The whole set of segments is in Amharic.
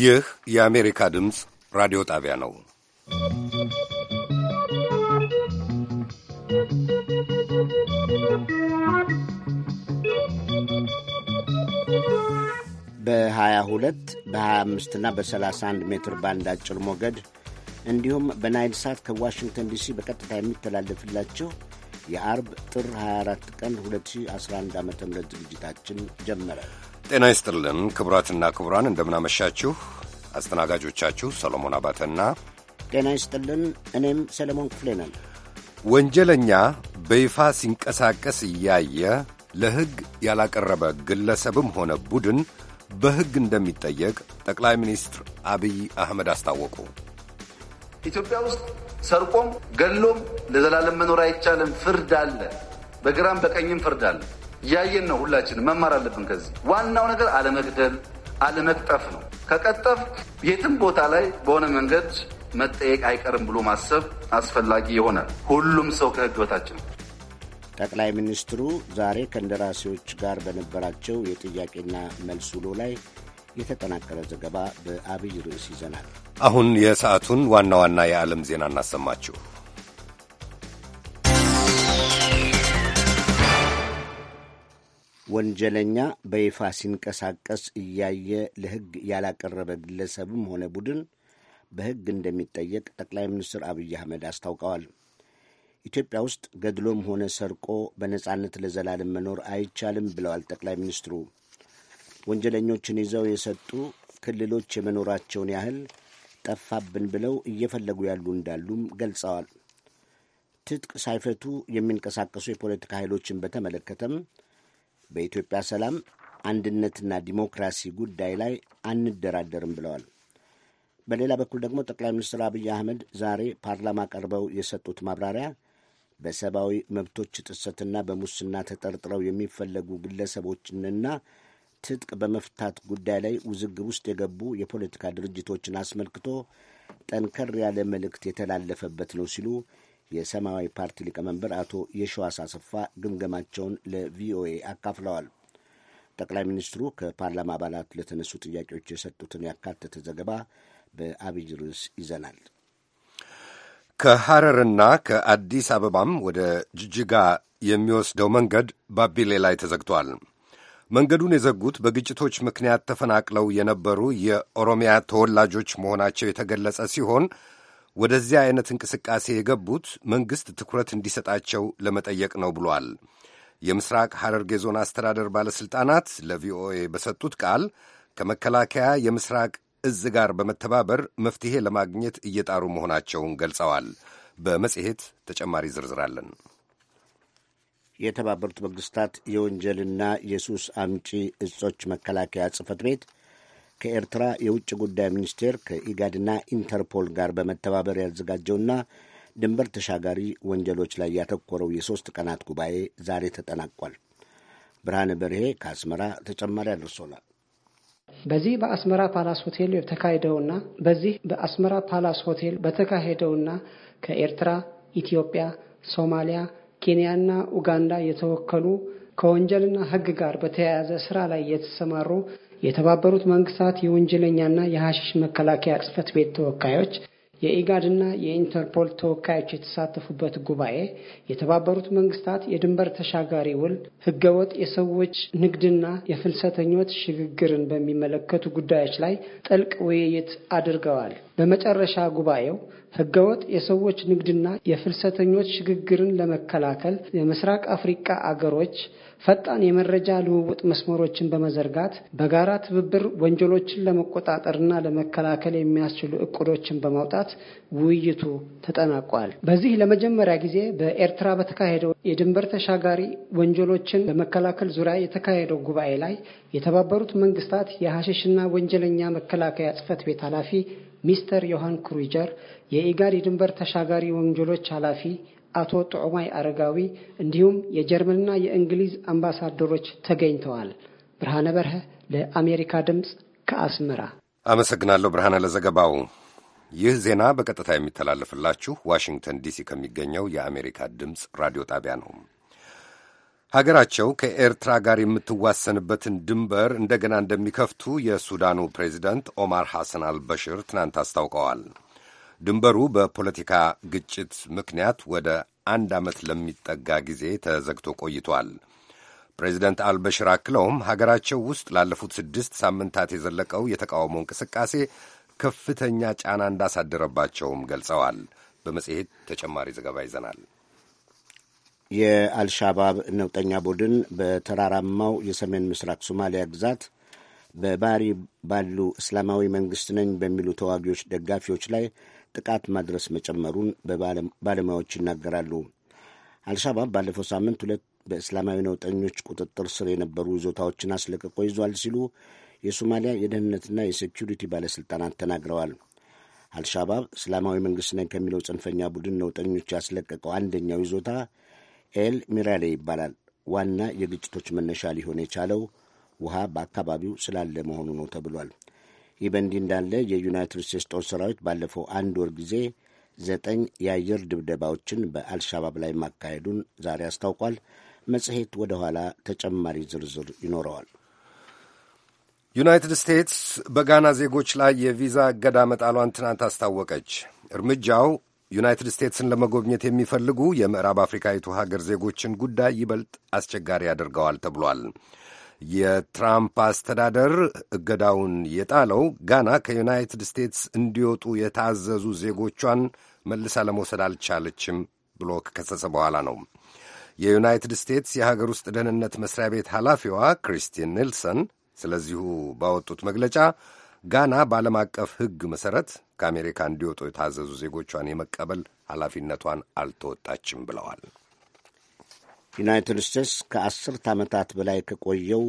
ይህ የአሜሪካ ድምፅ ራዲዮ ጣቢያ ነው። በ22 በ25 እና በ31 ሜትር ባንድ አጭር ሞገድ እንዲሁም በናይል ሳት ከዋሽንግተን ዲሲ በቀጥታ የሚተላለፍላቸው የአርብ ጥር 24 ቀን 2011 ዓ ም ዝግጅታችን ጀመረ። ጤና ይስጥልን ክቡራትና ክቡራን፣ እንደምናመሻችሁ። አስተናጋጆቻችሁ ሰሎሞን አባተና ጤና ይስጥልን፣ እኔም ሰለሞን ክፍሌ ነን። ወንጀለኛ በይፋ ሲንቀሳቀስ እያየ ለሕግ ያላቀረበ ግለሰብም ሆነ ቡድን በሕግ እንደሚጠየቅ ጠቅላይ ሚኒስትር አብይ አህመድ አስታወቁ። ኢትዮጵያ ውስጥ ሰርቆም ገሎም ለዘላለም መኖር አይቻልም። ፍርድ አለ፣ በግራም በቀኝም ፍርድ አለ። እያየን ነው። ሁላችን መማር አለብን። ከዚህ ዋናው ነገር አለመግደል፣ አለመቅጠፍ ነው። ከቀጠፍ የትም ቦታ ላይ በሆነ መንገድ መጠየቅ አይቀርም ብሎ ማሰብ አስፈላጊ ይሆናል። ሁሉም ሰው ከህግ በታች ነው። ጠቅላይ ሚኒስትሩ ዛሬ ከእንደራሴዎች ጋር በነበራቸው የጥያቄና መልስ ውሎ ላይ የተጠናቀረ ዘገባ በአብይ ርዕስ ይዘናል። አሁን የሰዓቱን ዋና ዋና የዓለም ዜና እናሰማችሁ። ወንጀለኛ በይፋ ሲንቀሳቀስ እያየ ለሕግ ያላቀረበ ግለሰብም ሆነ ቡድን በሕግ እንደሚጠየቅ ጠቅላይ ሚኒስትር አብይ አህመድ አስታውቀዋል። ኢትዮጵያ ውስጥ ገድሎም ሆነ ሰርቆ በነጻነት ለዘላለም መኖር አይቻልም ብለዋል ጠቅላይ ሚኒስትሩ። ወንጀለኞችን ይዘው የሰጡ ክልሎች የመኖራቸውን ያህል ጠፋብን ብለው እየፈለጉ ያሉ እንዳሉም ገልጸዋል። ትጥቅ ሳይፈቱ የሚንቀሳቀሱ የፖለቲካ ኃይሎችን በተመለከተም በኢትዮጵያ ሰላም አንድነትና ዲሞክራሲ ጉዳይ ላይ አንደራደርም ብለዋል። በሌላ በኩል ደግሞ ጠቅላይ ሚኒስትር አብይ አህመድ ዛሬ ፓርላማ ቀርበው የሰጡት ማብራሪያ በሰብአዊ መብቶች ጥሰትና በሙስና ተጠርጥረው የሚፈለጉ ግለሰቦችንና ትጥቅ በመፍታት ጉዳይ ላይ ውዝግብ ውስጥ የገቡ የፖለቲካ ድርጅቶችን አስመልክቶ ጠንከር ያለ መልእክት የተላለፈበት ነው ሲሉ የሰማያዊ ፓርቲ ሊቀመንበር አቶ የሸዋስ አሰፋ ግምገማቸውን ለቪኦኤ አካፍለዋል። ጠቅላይ ሚኒስትሩ ከፓርላማ አባላት ለተነሱ ጥያቄዎች የሰጡትን ያካተተ ዘገባ በአብይ ርዕስ ይዘናል። ከሐረርና ከአዲስ አበባም ወደ ጅጅጋ የሚወስደው መንገድ ባቢሌ ላይ ተዘግቷል። መንገዱን የዘጉት በግጭቶች ምክንያት ተፈናቅለው የነበሩ የኦሮሚያ ተወላጆች መሆናቸው የተገለጸ ሲሆን ወደዚህ አይነት እንቅስቃሴ የገቡት መንግሥት ትኩረት እንዲሰጣቸው ለመጠየቅ ነው ብሏል። የምስራቅ ሐረርጌ ዞን አስተዳደር ባለሥልጣናት ለቪኦኤ በሰጡት ቃል ከመከላከያ የምስራቅ እዝ ጋር በመተባበር መፍትሔ ለማግኘት እየጣሩ መሆናቸውን ገልጸዋል። በመጽሔት ተጨማሪ ዝርዝር አለን። የተባበሩት መንግሥታት የወንጀልና የሱስ አምጪ እጾች መከላከያ ጽህፈት ቤት ከኤርትራ የውጭ ጉዳይ ሚኒስቴር ከኢጋድና ኢንተርፖል ጋር በመተባበር ያዘጋጀውና ድንበር ተሻጋሪ ወንጀሎች ላይ ያተኮረው የሦስት ቀናት ጉባኤ ዛሬ ተጠናቋል። ብርሃነ በርሄ ከአስመራ ተጨማሪ አድርሶናል። በዚህ በአስመራ ፓላስ ሆቴል የተካሄደውና በዚህ በአስመራ ፓላስ ሆቴል በተካሄደውና ከኤርትራ፣ ኢትዮጵያ፣ ሶማሊያ፣ ኬንያና ኡጋንዳ የተወከሉ ከወንጀልና ሕግ ጋር በተያያዘ ስራ ላይ የተሰማሩ የተባበሩት መንግስታት የወንጀለኛና የሐሽሽ መከላከያ ጽህፈት ቤት ተወካዮች የኢጋድና የኢንተርፖል ተወካዮች የተሳተፉበት ጉባኤ የተባበሩት መንግስታት የድንበር ተሻጋሪ ውል ህገወጥ የሰዎች ንግድና የፍልሰተኞች ሽግግርን በሚመለከቱ ጉዳዮች ላይ ጥልቅ ውይይት አድርገዋል። በመጨረሻ ጉባኤው ህገወጥ የሰዎች ንግድና የፍልሰተኞች ሽግግርን ለመከላከል የምስራቅ አፍሪካ አገሮች ፈጣን የመረጃ ልውውጥ መስመሮችን በመዘርጋት በጋራ ትብብር ወንጀሎችን ለመቆጣጠርና ለመከላከል የሚያስችሉ እቅዶችን በማውጣት ውይይቱ ተጠናቋል። በዚህ ለመጀመሪያ ጊዜ በኤርትራ በተካሄደው የድንበር ተሻጋሪ ወንጀሎችን በመከላከል ዙሪያ የተካሄደው ጉባኤ ላይ የተባበሩት መንግስታት የሐሽሽና ወንጀለኛ መከላከያ ጽህፈት ቤት ኃላፊ ሚስተር ዮሐን ክሩጀር፣ የኢጋድ የድንበር ተሻጋሪ ወንጀሎች ኃላፊ አቶ ጥዑማይ አረጋዊ እንዲሁም የጀርመንና የእንግሊዝ አምባሳደሮች ተገኝተዋል። ብርሃነ በርሀ ለአሜሪካ ድምፅ ከአስመራ አመሰግናለሁ። ብርሃነ ለዘገባው። ይህ ዜና በቀጥታ የሚተላለፍላችሁ ዋሽንግተን ዲሲ ከሚገኘው የአሜሪካ ድምፅ ራዲዮ ጣቢያ ነው። ሀገራቸው ከኤርትራ ጋር የምትዋሰንበትን ድንበር እንደገና እንደሚከፍቱ የሱዳኑ ፕሬዚደንት ኦማር ሐሰን አልበሽር ትናንት አስታውቀዋል። ድንበሩ በፖለቲካ ግጭት ምክንያት ወደ አንድ ዓመት ለሚጠጋ ጊዜ ተዘግቶ ቆይቷል። ፕሬዚደንት አልበሽር አክለውም ሀገራቸው ውስጥ ላለፉት ስድስት ሳምንታት የዘለቀው የተቃውሞ እንቅስቃሴ ከፍተኛ ጫና እንዳሳደረባቸውም ገልጸዋል። በመጽሔት ተጨማሪ ዘገባ ይዘናል። የአልሻባብ ነውጠኛ ቡድን በተራራማው የሰሜን ምስራቅ ሶማሊያ ግዛት በባህሪ ባሉ እስላማዊ መንግስት ነኝ በሚሉ ተዋጊዎች ደጋፊዎች ላይ ጥቃት ማድረስ መጨመሩን ባለሙያዎች ይናገራሉ። አልሻባብ ባለፈው ሳምንት ሁለት በእስላማዊ ነውጠኞች ቁጥጥር ስር የነበሩ ይዞታዎችን አስለቅቆ ይዟል ሲሉ የሶማሊያ የደህንነትና የሴኪሪቲ ባለሥልጣናት ተናግረዋል። አልሻባብ እስላማዊ መንግስት ነኝ ከሚለው ጽንፈኛ ቡድን ነውጠኞች ያስለቀቀው አንደኛው ይዞታ ኤል ሚራሌ ይባላል። ዋና የግጭቶች መነሻ ሊሆን የቻለው ውሃ በአካባቢው ስላለ መሆኑ ነው ተብሏል። ይህ በእንዲህ እንዳለ የዩናይትድ ስቴትስ ጦር ሰራዊት ባለፈው አንድ ወር ጊዜ ዘጠኝ የአየር ድብደባዎችን በአልሻባብ ላይ ማካሄዱን ዛሬ አስታውቋል። መጽሔት ወደ ኋላ ተጨማሪ ዝርዝር ይኖረዋል። ዩናይትድ ስቴትስ በጋና ዜጎች ላይ የቪዛ እገዳ መጣሏን ትናንት አስታወቀች። እርምጃው ዩናይትድ ስቴትስን ለመጎብኘት የሚፈልጉ የምዕራብ አፍሪካዊቱ ሀገር ዜጎችን ጉዳይ ይበልጥ አስቸጋሪ ያደርገዋል ተብሏል። የትራምፕ አስተዳደር እገዳውን የጣለው ጋና ከዩናይትድ ስቴትስ እንዲወጡ የታዘዙ ዜጎቿን መልሳ ለመውሰድ አልቻለችም ብሎ ከከሰሰ በኋላ ነው። የዩናይትድ ስቴትስ የሀገር ውስጥ ደህንነት መስሪያ ቤት ኃላፊዋ ክሪስቲን ኒልሰን ስለዚሁ ባወጡት መግለጫ ጋና በዓለም አቀፍ ሕግ መሠረት ከአሜሪካ እንዲወጡ የታዘዙ ዜጎቿን የመቀበል ኃላፊነቷን አልተወጣችም ብለዋል። ዩናይትድ ስቴትስ ከአስርት ዓመታት በላይ ከቆየው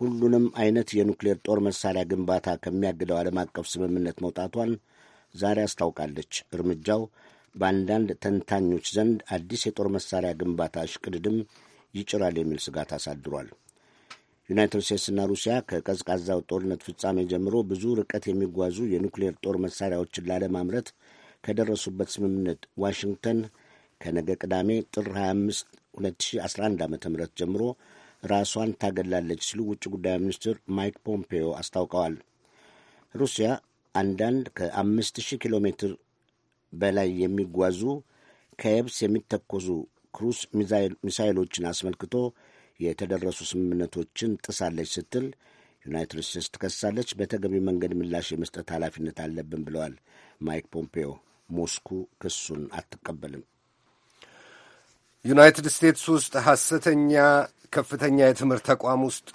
ሁሉንም አይነት የኑክሌር ጦር መሳሪያ ግንባታ ከሚያግደው ዓለም አቀፍ ስምምነት መውጣቷን ዛሬ አስታውቃለች። እርምጃው በአንዳንድ ተንታኞች ዘንድ አዲስ የጦር መሳሪያ ግንባታ እሽቅድድም ይጭራል የሚል ስጋት አሳድሯል። ዩናይትድ ስቴትስና ሩሲያ ከቀዝቃዛው ጦርነት ፍጻሜ ጀምሮ ብዙ ርቀት የሚጓዙ የኒውክሌር ጦር መሳሪያዎችን ላለማምረት ከደረሱበት ስምምነት ዋሽንግተን ከነገ ቅዳሜ ጥር 25 2011 ዓ ም ጀምሮ ራሷን ታገላለች ሲሉ ውጭ ጉዳይ ሚኒስትር ማይክ ፖምፔዮ አስታውቀዋል። ሩሲያ አንዳንድ ከ5000 ኪሎ ሜትር በላይ የሚጓዙ ከየብስ የሚተኮሱ ክሩስ ሚሳይሎችን አስመልክቶ የተደረሱ ስምምነቶችን ጥሳለች ስትል ዩናይትድ ስቴትስ ትከሳለች። በተገቢ መንገድ ምላሽ የመስጠት ኃላፊነት አለብን ብለዋል ማይክ ፖምፔዮ። ሞስኩ ክሱን አትቀበልም። ዩናይትድ ስቴትስ ውስጥ ሐሰተኛ ከፍተኛ የትምህርት ተቋም ውስጥ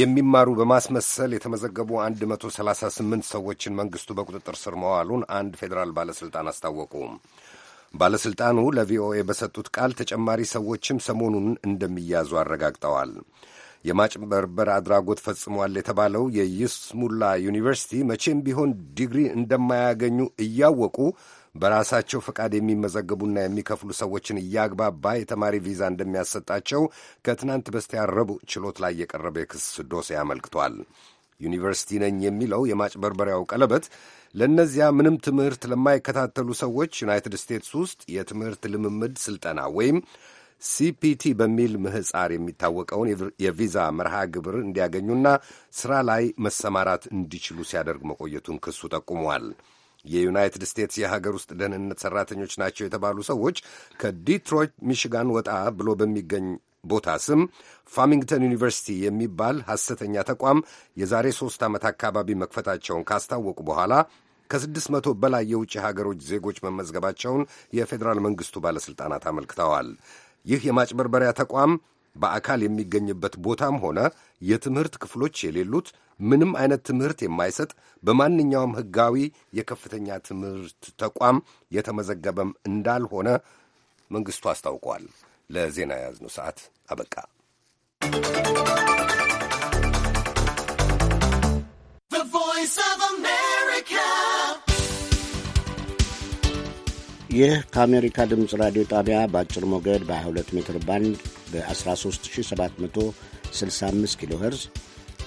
የሚማሩ በማስመሰል የተመዘገቡ 138 ሰዎችን መንግሥቱ በቁጥጥር ስር መዋሉን አንድ ፌዴራል ባለሥልጣን አስታወቁ። ባለሥልጣኑ ለቪኦኤ በሰጡት ቃል ተጨማሪ ሰዎችም ሰሞኑን እንደሚያዙ አረጋግጠዋል። የማጭበርበር አድራጎት ፈጽሟል የተባለው የይስሙላ ዩኒቨርሲቲ መቼም ቢሆን ዲግሪ እንደማያገኙ እያወቁ በራሳቸው ፈቃድ የሚመዘገቡና የሚከፍሉ ሰዎችን እያግባባ የተማሪ ቪዛ እንደሚያሰጣቸው ከትናንት በስቲያ ረቡዕ ችሎት ላይ የቀረበ የክስ ዶሴ አመልክቷል። ዩኒቨርሲቲ ነኝ የሚለው የማጭበርበሪያው ቀለበት ለእነዚያ ምንም ትምህርት ለማይከታተሉ ሰዎች ዩናይትድ ስቴትስ ውስጥ የትምህርት ልምምድ ስልጠና ወይም ሲፒቲ በሚል ምህጻር የሚታወቀውን የቪዛ መርሃ ግብር እንዲያገኙና ሥራ ላይ መሰማራት እንዲችሉ ሲያደርግ መቆየቱን ክሱ ጠቁሟል። የዩናይትድ ስቴትስ የሀገር ውስጥ ደህንነት ሠራተኞች ናቸው የተባሉ ሰዎች ከዲትሮይት ሚሽጋን ወጣ ብሎ በሚገኝ ቦታ ስም ፋሚንግተን ዩኒቨርሲቲ የሚባል ሐሰተኛ ተቋም የዛሬ ሦስት ዓመት አካባቢ መክፈታቸውን ካስታወቁ በኋላ ከስድስት መቶ በላይ የውጭ ሀገሮች ዜጎች መመዝገባቸውን የፌዴራል መንግሥቱ ባለሥልጣናት አመልክተዋል። ይህ የማጭበርበሪያ ተቋም በአካል የሚገኝበት ቦታም ሆነ የትምህርት ክፍሎች የሌሉት ምንም አይነት ትምህርት የማይሰጥ በማንኛውም ሕጋዊ የከፍተኛ ትምህርት ተቋም የተመዘገበም እንዳልሆነ መንግሥቱ አስታውቋል። ለዜና የያዝነው ሰዓት አበቃ። ይህ ከአሜሪካ ድምፅ ራዲዮ ጣቢያ በአጭር ሞገድ በ22 ሜትር ባንድ በ13765 ኪሎ ኸርዝ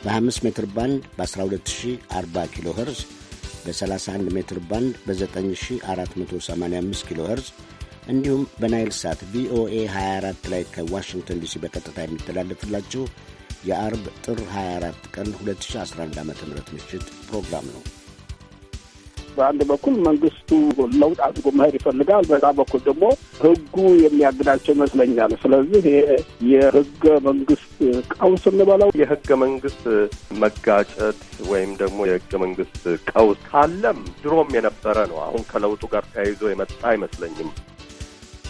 በ5 ሜትር ባንድ በ1240 ኪሎ ኸርዝ በ31 ሜትር ባንድ በ9485 ኪሎ ኸርዝ እንዲሁም በናይል ሳት ቪኦኤ 24 ላይ ከዋሽንግተን ዲሲ በቀጥታ የሚተላለፍላችሁ የአርብ ጥር 24 ቀን 2011 ዓ ም ምሽት ፕሮግራም ነው። በአንድ በኩል መንግስቱ ለውጥ አድርጎ መሄድ ይፈልጋል። በዛ በኩል ደግሞ ህጉ የሚያግዳቸው ይመስለኛል። ስለዚህ የህገ መንግስት ቀውስ እንበለው የህገ መንግስት መጋጨት ወይም ደግሞ የህገ መንግስት ቀውስ ካለም ድሮም የነበረ ነው። አሁን ከለውጡ ጋር ተያይዞ የመጣ አይመስለኝም።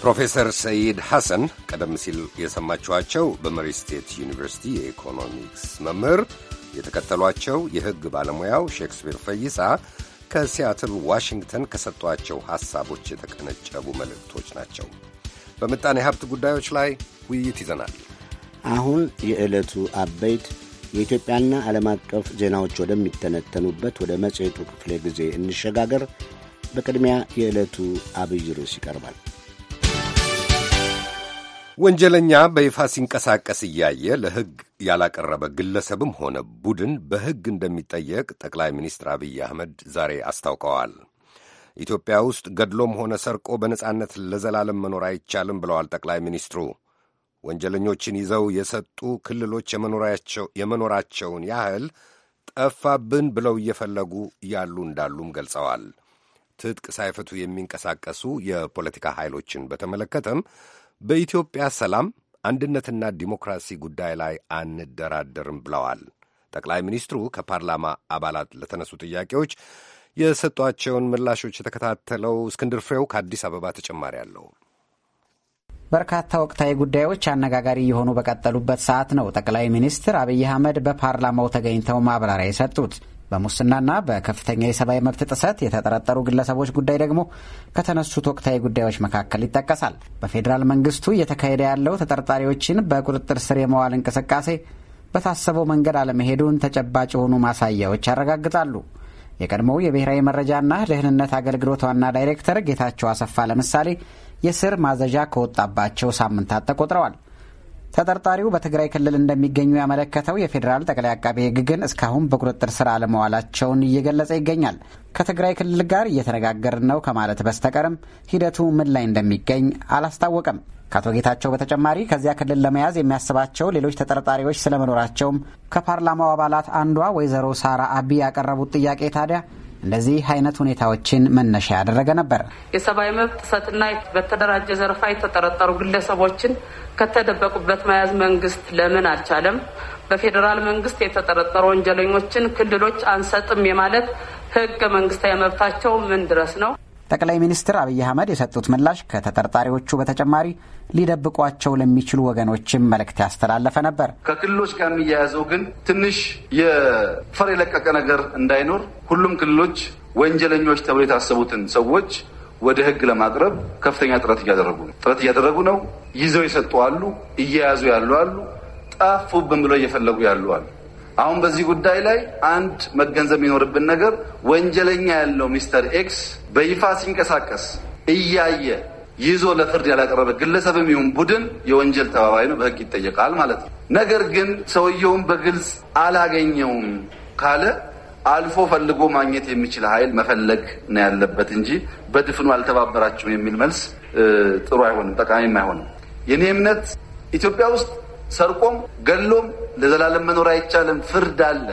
ፕሮፌሰር ሰይድ ሐሰን ቀደም ሲል የሰማችኋቸው በመሪ ስቴት ዩኒቨርሲቲ የኢኮኖሚክስ መምህር፣ የተከተሏቸው የሕግ ባለሙያው ሼክስፒር ፈይሳ ከሲያትል ዋሽንግተን ከሰጧቸው ሐሳቦች የተቀነጨቡ መልእክቶች ናቸው። በምጣኔ ሀብት ጉዳዮች ላይ ውይይት ይዘናል። አሁን የዕለቱ አበይት የኢትዮጵያና ዓለም አቀፍ ዜናዎች ወደሚተነተኑበት ወደ መጽሔቱ ክፍለ ጊዜ እንሸጋገር። በቅድሚያ የዕለቱ አብይ ርዕስ ይቀርባል። ወንጀለኛ በይፋ ሲንቀሳቀስ እያየ ለሕግ ያላቀረበ ግለሰብም ሆነ ቡድን በሕግ እንደሚጠየቅ ጠቅላይ ሚኒስትር አብይ አህመድ ዛሬ አስታውቀዋል። ኢትዮጵያ ውስጥ ገድሎም ሆነ ሰርቆ በነጻነት ለዘላለም መኖር አይቻልም ብለዋል ጠቅላይ ሚኒስትሩ። ወንጀለኞችን ይዘው የሰጡ ክልሎች የመኖራቸውን ያህል ጠፋብን ብለው እየፈለጉ ያሉ እንዳሉም ገልጸዋል። ትጥቅ ሳይፈቱ የሚንቀሳቀሱ የፖለቲካ ኃይሎችን በተመለከተም በኢትዮጵያ ሰላም አንድነትና ዲሞክራሲ ጉዳይ ላይ አንደራደርም ብለዋል። ጠቅላይ ሚኒስትሩ ከፓርላማ አባላት ለተነሱ ጥያቄዎች የሰጧቸውን ምላሾች የተከታተለው እስክንድር ፍሬው ከአዲስ አበባ ተጨማሪ አለው። በርካታ ወቅታዊ ጉዳዮች አነጋጋሪ የሆኑ በቀጠሉበት ሰዓት ነው ጠቅላይ ሚኒስትር አብይ አህመድ በፓርላማው ተገኝተው ማብራሪያ የሰጡት። በሙስናና በከፍተኛ የሰብአዊ መብት ጥሰት የተጠረጠሩ ግለሰቦች ጉዳይ ደግሞ ከተነሱት ወቅታዊ ጉዳዮች መካከል ይጠቀሳል። በፌዴራል መንግስቱ እየተካሄደ ያለው ተጠርጣሪዎችን በቁጥጥር ስር የመዋል እንቅስቃሴ በታሰበው መንገድ አለመሄዱን ተጨባጭ የሆኑ ማሳያዎች ያረጋግጣሉ። የቀድሞው የብሔራዊ መረጃና ደህንነት አገልግሎት ዋና ዳይሬክተር ጌታቸው አሰፋ ለምሳሌ የስር ማዘዣ ከወጣባቸው ሳምንታት ተቆጥረዋል። ተጠርጣሪው በትግራይ ክልል እንደሚገኙ ያመለከተው የፌዴራል ጠቅላይ አቃቤ ሕግ ግን እስካሁን በቁጥጥር ስር አለመዋላቸውን እየገለጸ ይገኛል። ከትግራይ ክልል ጋር እየተነጋገርን ነው ከማለት በስተቀርም ሂደቱ ምን ላይ እንደሚገኝ አላስታወቀም። ከአቶ ጌታቸው በተጨማሪ ከዚያ ክልል ለመያዝ የሚያስባቸው ሌሎች ተጠርጣሪዎች ስለመኖራቸውም ከፓርላማው አባላት አንዷ ወይዘሮ ሳራ አቢ ያቀረቡት ጥያቄ ታዲያ ለዚህ አይነት ሁኔታዎችን መነሻ ያደረገ ነበር። የሰብአዊ መብት ጥሰትና በተደራጀ ዘረፋ የተጠረጠሩ ግለሰቦችን ከተደበቁበት መያዝ መንግስት ለምን አልቻለም? በፌዴራል መንግስት የተጠረጠሩ ወንጀለኞችን ክልሎች አንሰጥም የማለት ህገ መንግስታዊ መብታቸው ምን ድረስ ነው? ጠቅላይ ሚኒስትር አብይ አህመድ የሰጡት ምላሽ ከተጠርጣሪዎቹ በተጨማሪ ሊደብቋቸው ለሚችሉ ወገኖችም መልእክት ያስተላለፈ ነበር። ከክልሎች ጋር የሚያያዘው ግን ትንሽ የፈር የለቀቀ ነገር እንዳይኖር ሁሉም ክልሎች ወንጀለኞች ተብሎ የታሰቡትን ሰዎች ወደ ሕግ ለማቅረብ ከፍተኛ ጥረት እያደረጉ ነው ጥረት እያደረጉ ነው። ይዘው የሰጡ አሉ፣ እየያዙ ያሉ አሉ፣ ጠፉብን ብለው እየፈለጉ ያሉ አሉ። አሁን በዚህ ጉዳይ ላይ አንድ መገንዘብ የሚኖርብን ነገር ወንጀለኛ ያለው ሚስተር ኤክስ በይፋ ሲንቀሳቀስ እያየ ይዞ ለፍርድ ያላቀረበ ግለሰብም ይሁን ቡድን የወንጀል ተባባሪ ነው፣ በህግ ይጠየቃል ማለት ነው። ነገር ግን ሰውየውን በግልጽ አላገኘውም ካለ አልፎ ፈልጎ ማግኘት የሚችል ኃይል መፈለግ ነው ያለበት እንጂ በድፍኑ አልተባበራችሁም የሚል መልስ ጥሩ አይሆንም፣ ጠቃሚም አይሆንም። የኔ እምነት ኢትዮጵያ ውስጥ ሰርቆም ገሎም ለዘላለም መኖር አይቻልም። ፍርድ አለ፣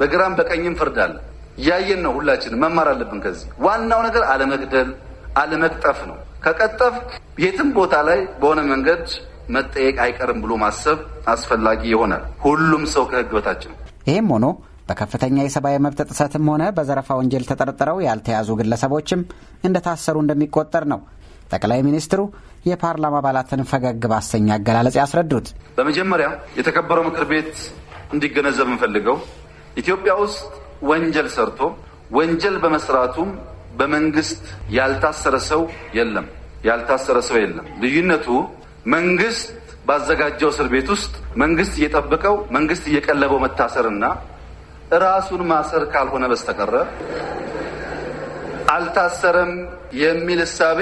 በግራም በቀኝም ፍርድ አለ። እያየን ነው። ሁላችን መማር አለብን። ከዚህ ዋናው ነገር አለመግደል፣ አለመቅጠፍ ነው። ከቀጠፍ የትም ቦታ ላይ በሆነ መንገድ መጠየቅ አይቀርም ብሎ ማሰብ አስፈላጊ ይሆናል። ሁሉም ሰው ከህግ በታች ነው። ይህም ሆኖ በከፍተኛ የሰብአዊ መብት ጥሰትም ሆነ በዘረፋ ወንጀል ተጠርጥረው ያልተያዙ ግለሰቦችም እንደታሰሩ እንደሚቆጠር ነው ጠቅላይ ሚኒስትሩ የፓርላማ አባላትን ፈገግ ባሰኝ አገላለጽ ያስረዱት። በመጀመሪያ የተከበረው ምክር ቤት እንዲገነዘብ እንፈልገው ኢትዮጵያ ውስጥ ወንጀል ሰርቶ ወንጀል በመስራቱም በመንግስት ያልታሰረ ሰው የለም፣ ያልታሰረ ሰው የለም። ልዩነቱ መንግስት ባዘጋጀው እስር ቤት ውስጥ መንግስት እየጠበቀው መንግስት እየቀለበው መታሰርና ራሱን ማሰር ካልሆነ በስተቀረ አልታሰረም የሚል እሳቤ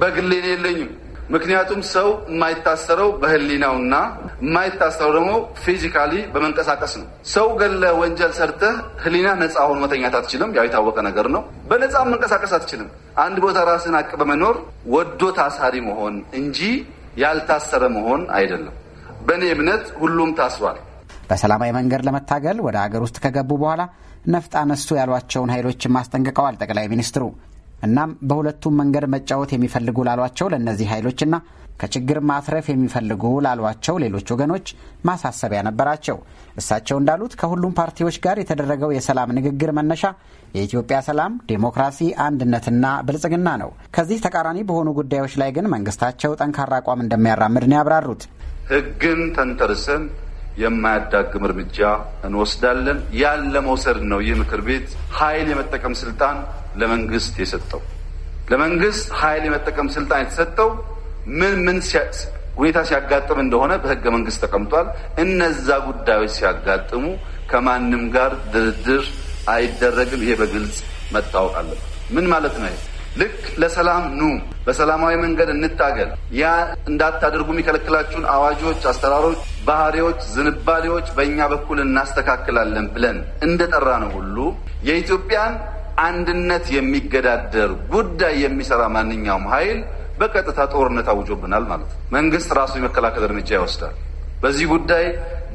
በግሌ የለኝም። ምክንያቱም ሰው የማይታሰረው በህሊናውና የማይታሰረው ደግሞ ፊዚካሊ በመንቀሳቀስ ነው። ሰው ገለ ወንጀል ሰርተህ ህሊና ነፃ ሆኖ መተኛት አትችልም። ያው የታወቀ ነገር ነው። በነፃ መንቀሳቀስ አትችልም። አንድ ቦታ ራስን አቅ በመኖር ወዶ ታሳሪ መሆን እንጂ ያልታሰረ መሆን አይደለም። በእኔ እምነት ሁሉም ታስሯል። በሰላማዊ መንገድ ለመታገል ወደ አገር ውስጥ ከገቡ በኋላ ነፍጥ አነሱ ያሏቸውን ኃይሎችም ማስጠንቅቀዋል ጠቅላይ ሚኒስትሩ። እናም በሁለቱም መንገድ መጫወት የሚፈልጉ ላሏቸው ለእነዚህ ኃይሎችና ከችግር ማትረፍ የሚፈልጉ ላሏቸው ሌሎች ወገኖች ማሳሰቢያ ነበራቸው። እሳቸው እንዳሉት ከሁሉም ፓርቲዎች ጋር የተደረገው የሰላም ንግግር መነሻ የኢትዮጵያ ሰላም፣ ዴሞክራሲ፣ አንድነትና ብልጽግና ነው። ከዚህ ተቃራኒ በሆኑ ጉዳዮች ላይ ግን መንግስታቸው ጠንካራ አቋም እንደሚያራምድ ነው ያብራሩት። ህግን ተንተርሰን የማያዳግም እርምጃ እንወስዳለን። ያን ለመውሰድ ነው ይህ ምክር ቤት ኃይል የመጠቀም ስልጣን ለመንግስት የሰጠው ለመንግስት ኃይል የመጠቀም ስልጣን የተሰጠው ምን ምን ሁኔታ ሲያጋጥም እንደሆነ በህገ መንግስት ተቀምጧል። እነዛ ጉዳዮች ሲያጋጥሙ ከማንም ጋር ድርድር አይደረግም። ይሄ በግልጽ መታወቅ አለበት። ምን ማለት ነው? ልክ ለሰላም ኑ፣ በሰላማዊ መንገድ እንታገል፣ ያ እንዳታደርጉ የሚከለክላችሁን አዋጆች፣ አሰራሮች፣ ባህሪዎች፣ ዝንባሌዎች በእኛ በኩል እናስተካክላለን ብለን እንደጠራ ነው ሁሉ የኢትዮጵያን አንድነት የሚገዳደር ጉዳይ የሚሰራ ማንኛውም ኃይል በቀጥታ ጦርነት አውጆብናል ማለት ነው። መንግስት ራሱ የመከላከል እርምጃ ይወስዳል። በዚህ ጉዳይ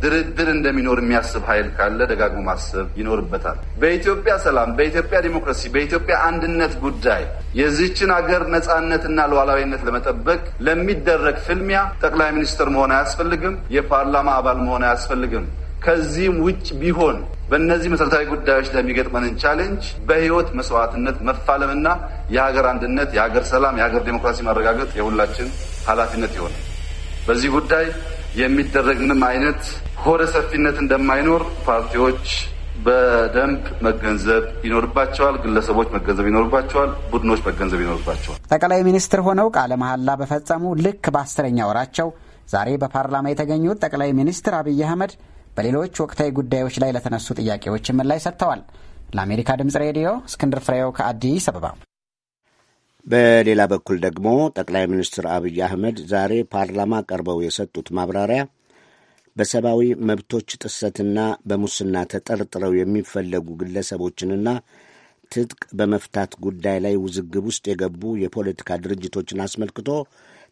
ድርድር እንደሚኖር የሚያስብ ኃይል ካለ ደጋግሞ ማሰብ ይኖርበታል። በኢትዮጵያ ሰላም፣ በኢትዮጵያ ዲሞክራሲ፣ በኢትዮጵያ አንድነት ጉዳይ የዚችን ሀገር ነጻነትና ሉዓላዊነት ለመጠበቅ ለሚደረግ ፍልሚያ ጠቅላይ ሚኒስትር መሆን አያስፈልግም። የፓርላማ አባል መሆን አያስፈልግም። ከዚህም ውጭ ቢሆን በእነዚህ መሰረታዊ ጉዳዮች ለሚገጥመንን ቻሌንጅ በህይወት መስዋዕትነት መፋለምና የሀገር አንድነት፣ የሀገር ሰላም፣ የሀገር ዴሞክራሲ ማረጋገጥ የሁላችን ኃላፊነት ይሆን። በዚህ ጉዳይ የሚደረግ ምንም አይነት ሆደ ሰፊነት እንደማይኖር ፓርቲዎች በደንብ መገንዘብ ይኖርባቸዋል። ግለሰቦች መገንዘብ ይኖርባቸዋል። ቡድኖች መገንዘብ ይኖርባቸዋል። ጠቅላይ ሚኒስትር ሆነው ቃለ መሐላ በፈጸሙ ልክ በአስረኛ ወራቸው ዛሬ በፓርላማ የተገኙት ጠቅላይ ሚኒስትር አብይ አህመድ በሌሎች ወቅታዊ ጉዳዮች ላይ ለተነሱ ጥያቄዎች ምላሽ ሰጥተዋል። ለአሜሪካ ድምፅ ሬዲዮ እስክንድር ፍሬው ከአዲስ አበባ። በሌላ በኩል ደግሞ ጠቅላይ ሚኒስትር አብይ አህመድ ዛሬ ፓርላማ ቀርበው የሰጡት ማብራሪያ በሰብአዊ መብቶች ጥሰትና በሙስና ተጠርጥረው የሚፈለጉ ግለሰቦችንና ትጥቅ በመፍታት ጉዳይ ላይ ውዝግብ ውስጥ የገቡ የፖለቲካ ድርጅቶችን አስመልክቶ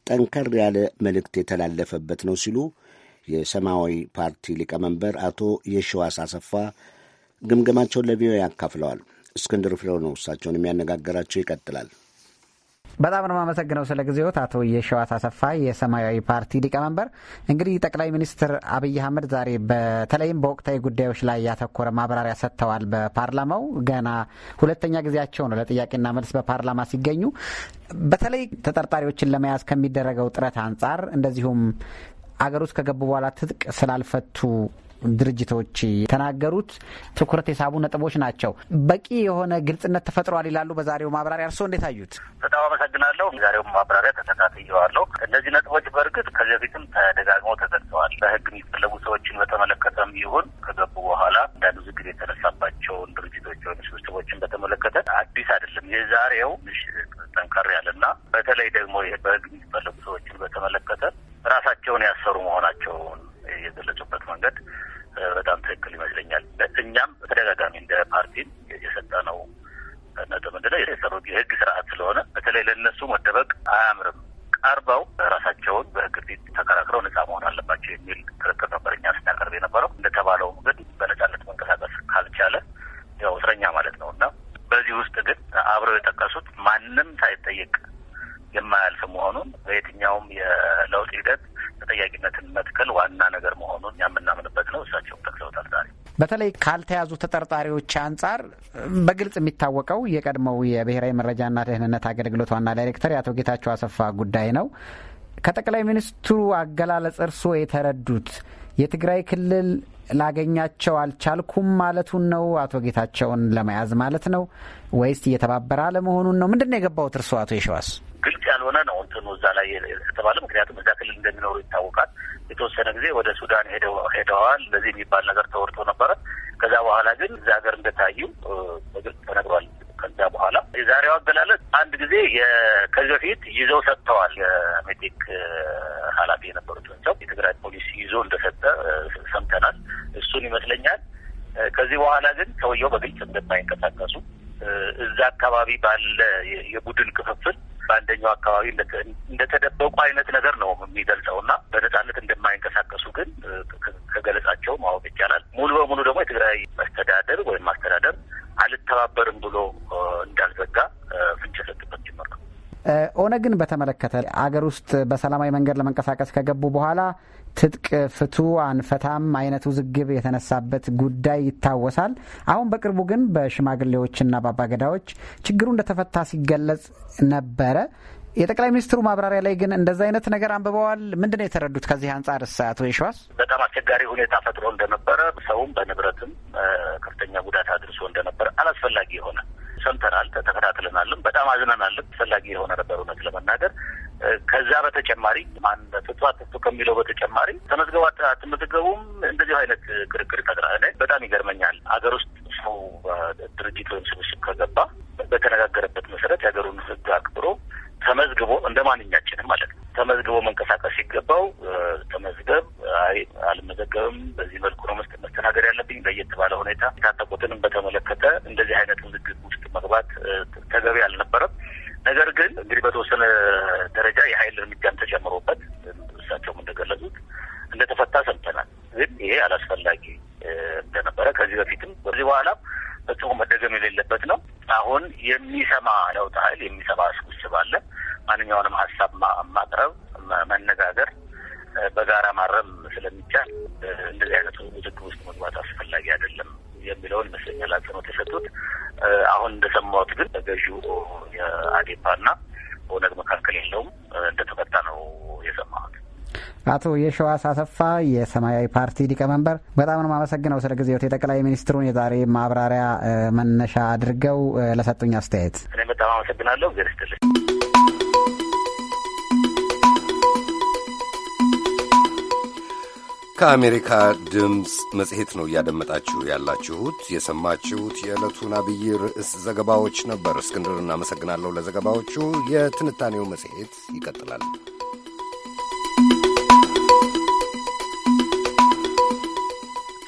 ጠንከር ያለ መልእክት የተላለፈበት ነው ሲሉ የሰማያዊ ፓርቲ ሊቀመንበር አቶ የሸዋስ አሰፋ ግምገማቸውን ለቪኦኤ አካፍለዋል። እስክንድር ፍሬው ነው እሳቸውን የሚያነጋገራቸው። ይቀጥላል። በጣም ነው የማመሰግነው ስለ ጊዜዎት አቶ የሸዋስ አሰፋ የሰማያዊ ፓርቲ ሊቀመንበር። እንግዲህ ጠቅላይ ሚኒስትር አብይ አህመድ ዛሬ በተለይም በወቅታዊ ጉዳዮች ላይ ያተኮረ ማብራሪያ ሰጥተዋል። በፓርላማው ገና ሁለተኛ ጊዜያቸው ነው ለጥያቄና መልስ በፓርላማ ሲገኙ። በተለይ ተጠርጣሪዎችን ለመያዝ ከሚደረገው ጥረት አንጻር እንደዚሁም አገር ውስጥ ከገቡ በኋላ ትጥቅ ስላልፈቱ ድርጅቶች የተናገሩት ትኩረት የሳቡ ነጥቦች ናቸው። በቂ የሆነ ግልጽነት ተፈጥሯል ይላሉ በዛሬው ማብራሪያ። እርስዎ እንዴት አዩት? በጣም አመሰግናለሁ። የዛሬው ማብራሪያ ተከታትየዋለሁ። እነዚህ ነጥቦች በእርግጥ ከዚህ በፊትም ተደጋግመው ተገልጸዋል። በህግ የሚፈለጉ ሰዎችን በተመለከተም ይሁን ከገቡ በኋላ አንዳንድ ውዝግብ የተነሳባቸውን ድርጅቶች ወይም ስብስቦችን በተመለከተ አዲስ አይደለም። የዛሬው ትንሽ ጠንከር ያለና በተለይ ደግሞ በህግ የሚፈለጉ ሰዎችን በተመለከተ ራሳቸውን ያሰሩ መሆናቸውን የገለጹበት መንገድ በጣም ትክክል ይመስለኛል። እኛም በተደጋጋሚ እንደ ፓርቲም የሰጠነው ነጥብ ምንድን ነው የሰሩት የህግ ስርዓት ስለሆነ በተለይ ለነሱ መደበቅ አያምርም። ቀርበው ራሳቸውን በህግ ፊት ተከራክረው ነጻ መሆን አለባቸው የሚል ክርክር ነበር እኛ ስናቀርብ የነበረው። እንደተባለው ግን በነጻነት መንቀሳቀስ ካልቻለ ያው እስረኛ ማለት ነው እና በዚህ ውስጥ ግን አብረው የጠቀሱት ማንም ሳይጠየቅ የማያልፍ መሆኑን በየትኛውም የለውጥ ሂደት ተጠያቂነትን መትከል ዋና ነገር መሆኑን የምናምንበት ነው። እሳቸውም ጠቅሰውታል። ዛሬ በተለይ ካልተያዙ ተጠርጣሪዎች አንጻር በግልጽ የሚታወቀው የቀድሞው የብሔራዊ መረጃና ደህንነት አገልግሎት ዋና ዳይሬክተር የአቶ ጌታቸው አሰፋ ጉዳይ ነው። ከጠቅላይ ሚኒስትሩ አገላለጽ እርስዎ የተረዱት የትግራይ ክልል ላገኛቸው አልቻልኩም ማለቱን ነው? አቶ ጌታቸውን ለመያዝ ማለት ነው ወይስ እየተባበረ አለመሆኑን ነው? ምንድን ነው የገባውት እርስዎ አቶ የሸዋስ ስለሆነ ነው እንትኑ እዛ ላይ የተባለ። ምክንያቱም እዛ ክልል እንደሚኖሩ ይታወቃል። የተወሰነ ጊዜ ወደ ሱዳን ሄደዋል። እንደዚህ የሚባል ነገር ተወርቶ ነበረ። ከዛ በኋላ ግን እዛ ሀገር እንደታዩ በግልጽ ተነግሯል። ከዛ በኋላ የዛሬው አገላለጽ አንድ ጊዜ ከዚህ በፊት ይዘው ሰጥተዋል። የሜቴክ ኃላፊ የነበሩትን ሰው የትግራይ ፖሊስ ይዞ እንደሰጠ ሰምተናል። እሱን ይመስለኛል። ከዚህ በኋላ ግን ሰውየው በግልጽ እንደማይንቀሳቀሱ እዛ አካባቢ ባለ የቡድን ክፍፍል በአንደኛው አካባቢ እንደተደበቁ አይነት ነገር ነው የሚገልጸው እና በነጻነት እንደማይንቀሳቀሱ ግን ከገለጻቸው ማወቅ ይቻላል። ሙሉ በሙሉ ደግሞ የትግራይ መስተዳደር ወይም ማስተዳደር አልተባበርም ብሎ እንዳልዘጋ ፍንጭ ሰጥበት ጭምር ነው። ኦነግን በተመለከተ አገር ውስጥ በሰላማዊ መንገድ ለመንቀሳቀስ ከገቡ በኋላ ትጥቅ ፍቱ አንፈታም አይነት ውዝግብ የተነሳበት ጉዳይ ይታወሳል። አሁን በቅርቡ ግን በሽማግሌዎችና በአባገዳዎች ችግሩ እንደተፈታ ሲገለጽ ነበረ። የጠቅላይ ሚኒስትሩ ማብራሪያ ላይ ግን እንደዛ አይነት ነገር አንብበዋል። ምንድን ነው የተረዱት? ከዚህ አንጻር ስ አቶ የሸዋስ በጣም አስቸጋሪ ሁኔታ ፈጥሮ እንደነበረ፣ ሰውም በንብረትም ከፍተኛ ጉዳት አድርሶ እንደነበረ አላስፈላጊ የሆነ ሰምተናል፣ ተከታትለናልም፣ በጣም አዝነናልም። ተፈላጊ የሆነ ነበር እውነት ለመናገር ከዛ በተጨማሪ ማን ፍቱ አትፍቱ ከሚለው በተጨማሪ ተመዝገቡ አትመዘገቡም እንደዚሁ አይነት ክርክር ተግራ በጣም ይገርመኛል። አገር ውስጥ ሰው ድርጅት ወይም ስብስብ ከገባ በተነጋገረበት መሰረት የሀገሩን ሕግ አክብሮ ተመዝግቦ እንደ ማንኛችንም ማለት ነው ተመዝግቦ መንቀሳቀስ ሲገባው ተመዝገብ፣ አይ አልመዘገብም በዚህ መልኩ የሸዋስ አሰፋ የሰማያዊ ፓርቲ ሊቀመንበር፣ በጣም ነው ማመሰግነው ስለ ጊዜዎት የጠቅላይ ሚኒስትሩን የዛሬ ማብራሪያ መነሻ አድርገው ለሰጡኝ አስተያየት እኔ በጣም አመሰግናለሁ። እግዜር ከአሜሪካ ድምፅ መጽሔት ነው እያደመጣችሁ ያላችሁት። የሰማችሁት የዕለቱን አብይ ርዕስ ዘገባዎች ነበር። እስክንድር እናመሰግናለሁ ለዘገባዎቹ። የትንታኔው መጽሔት ይቀጥላል።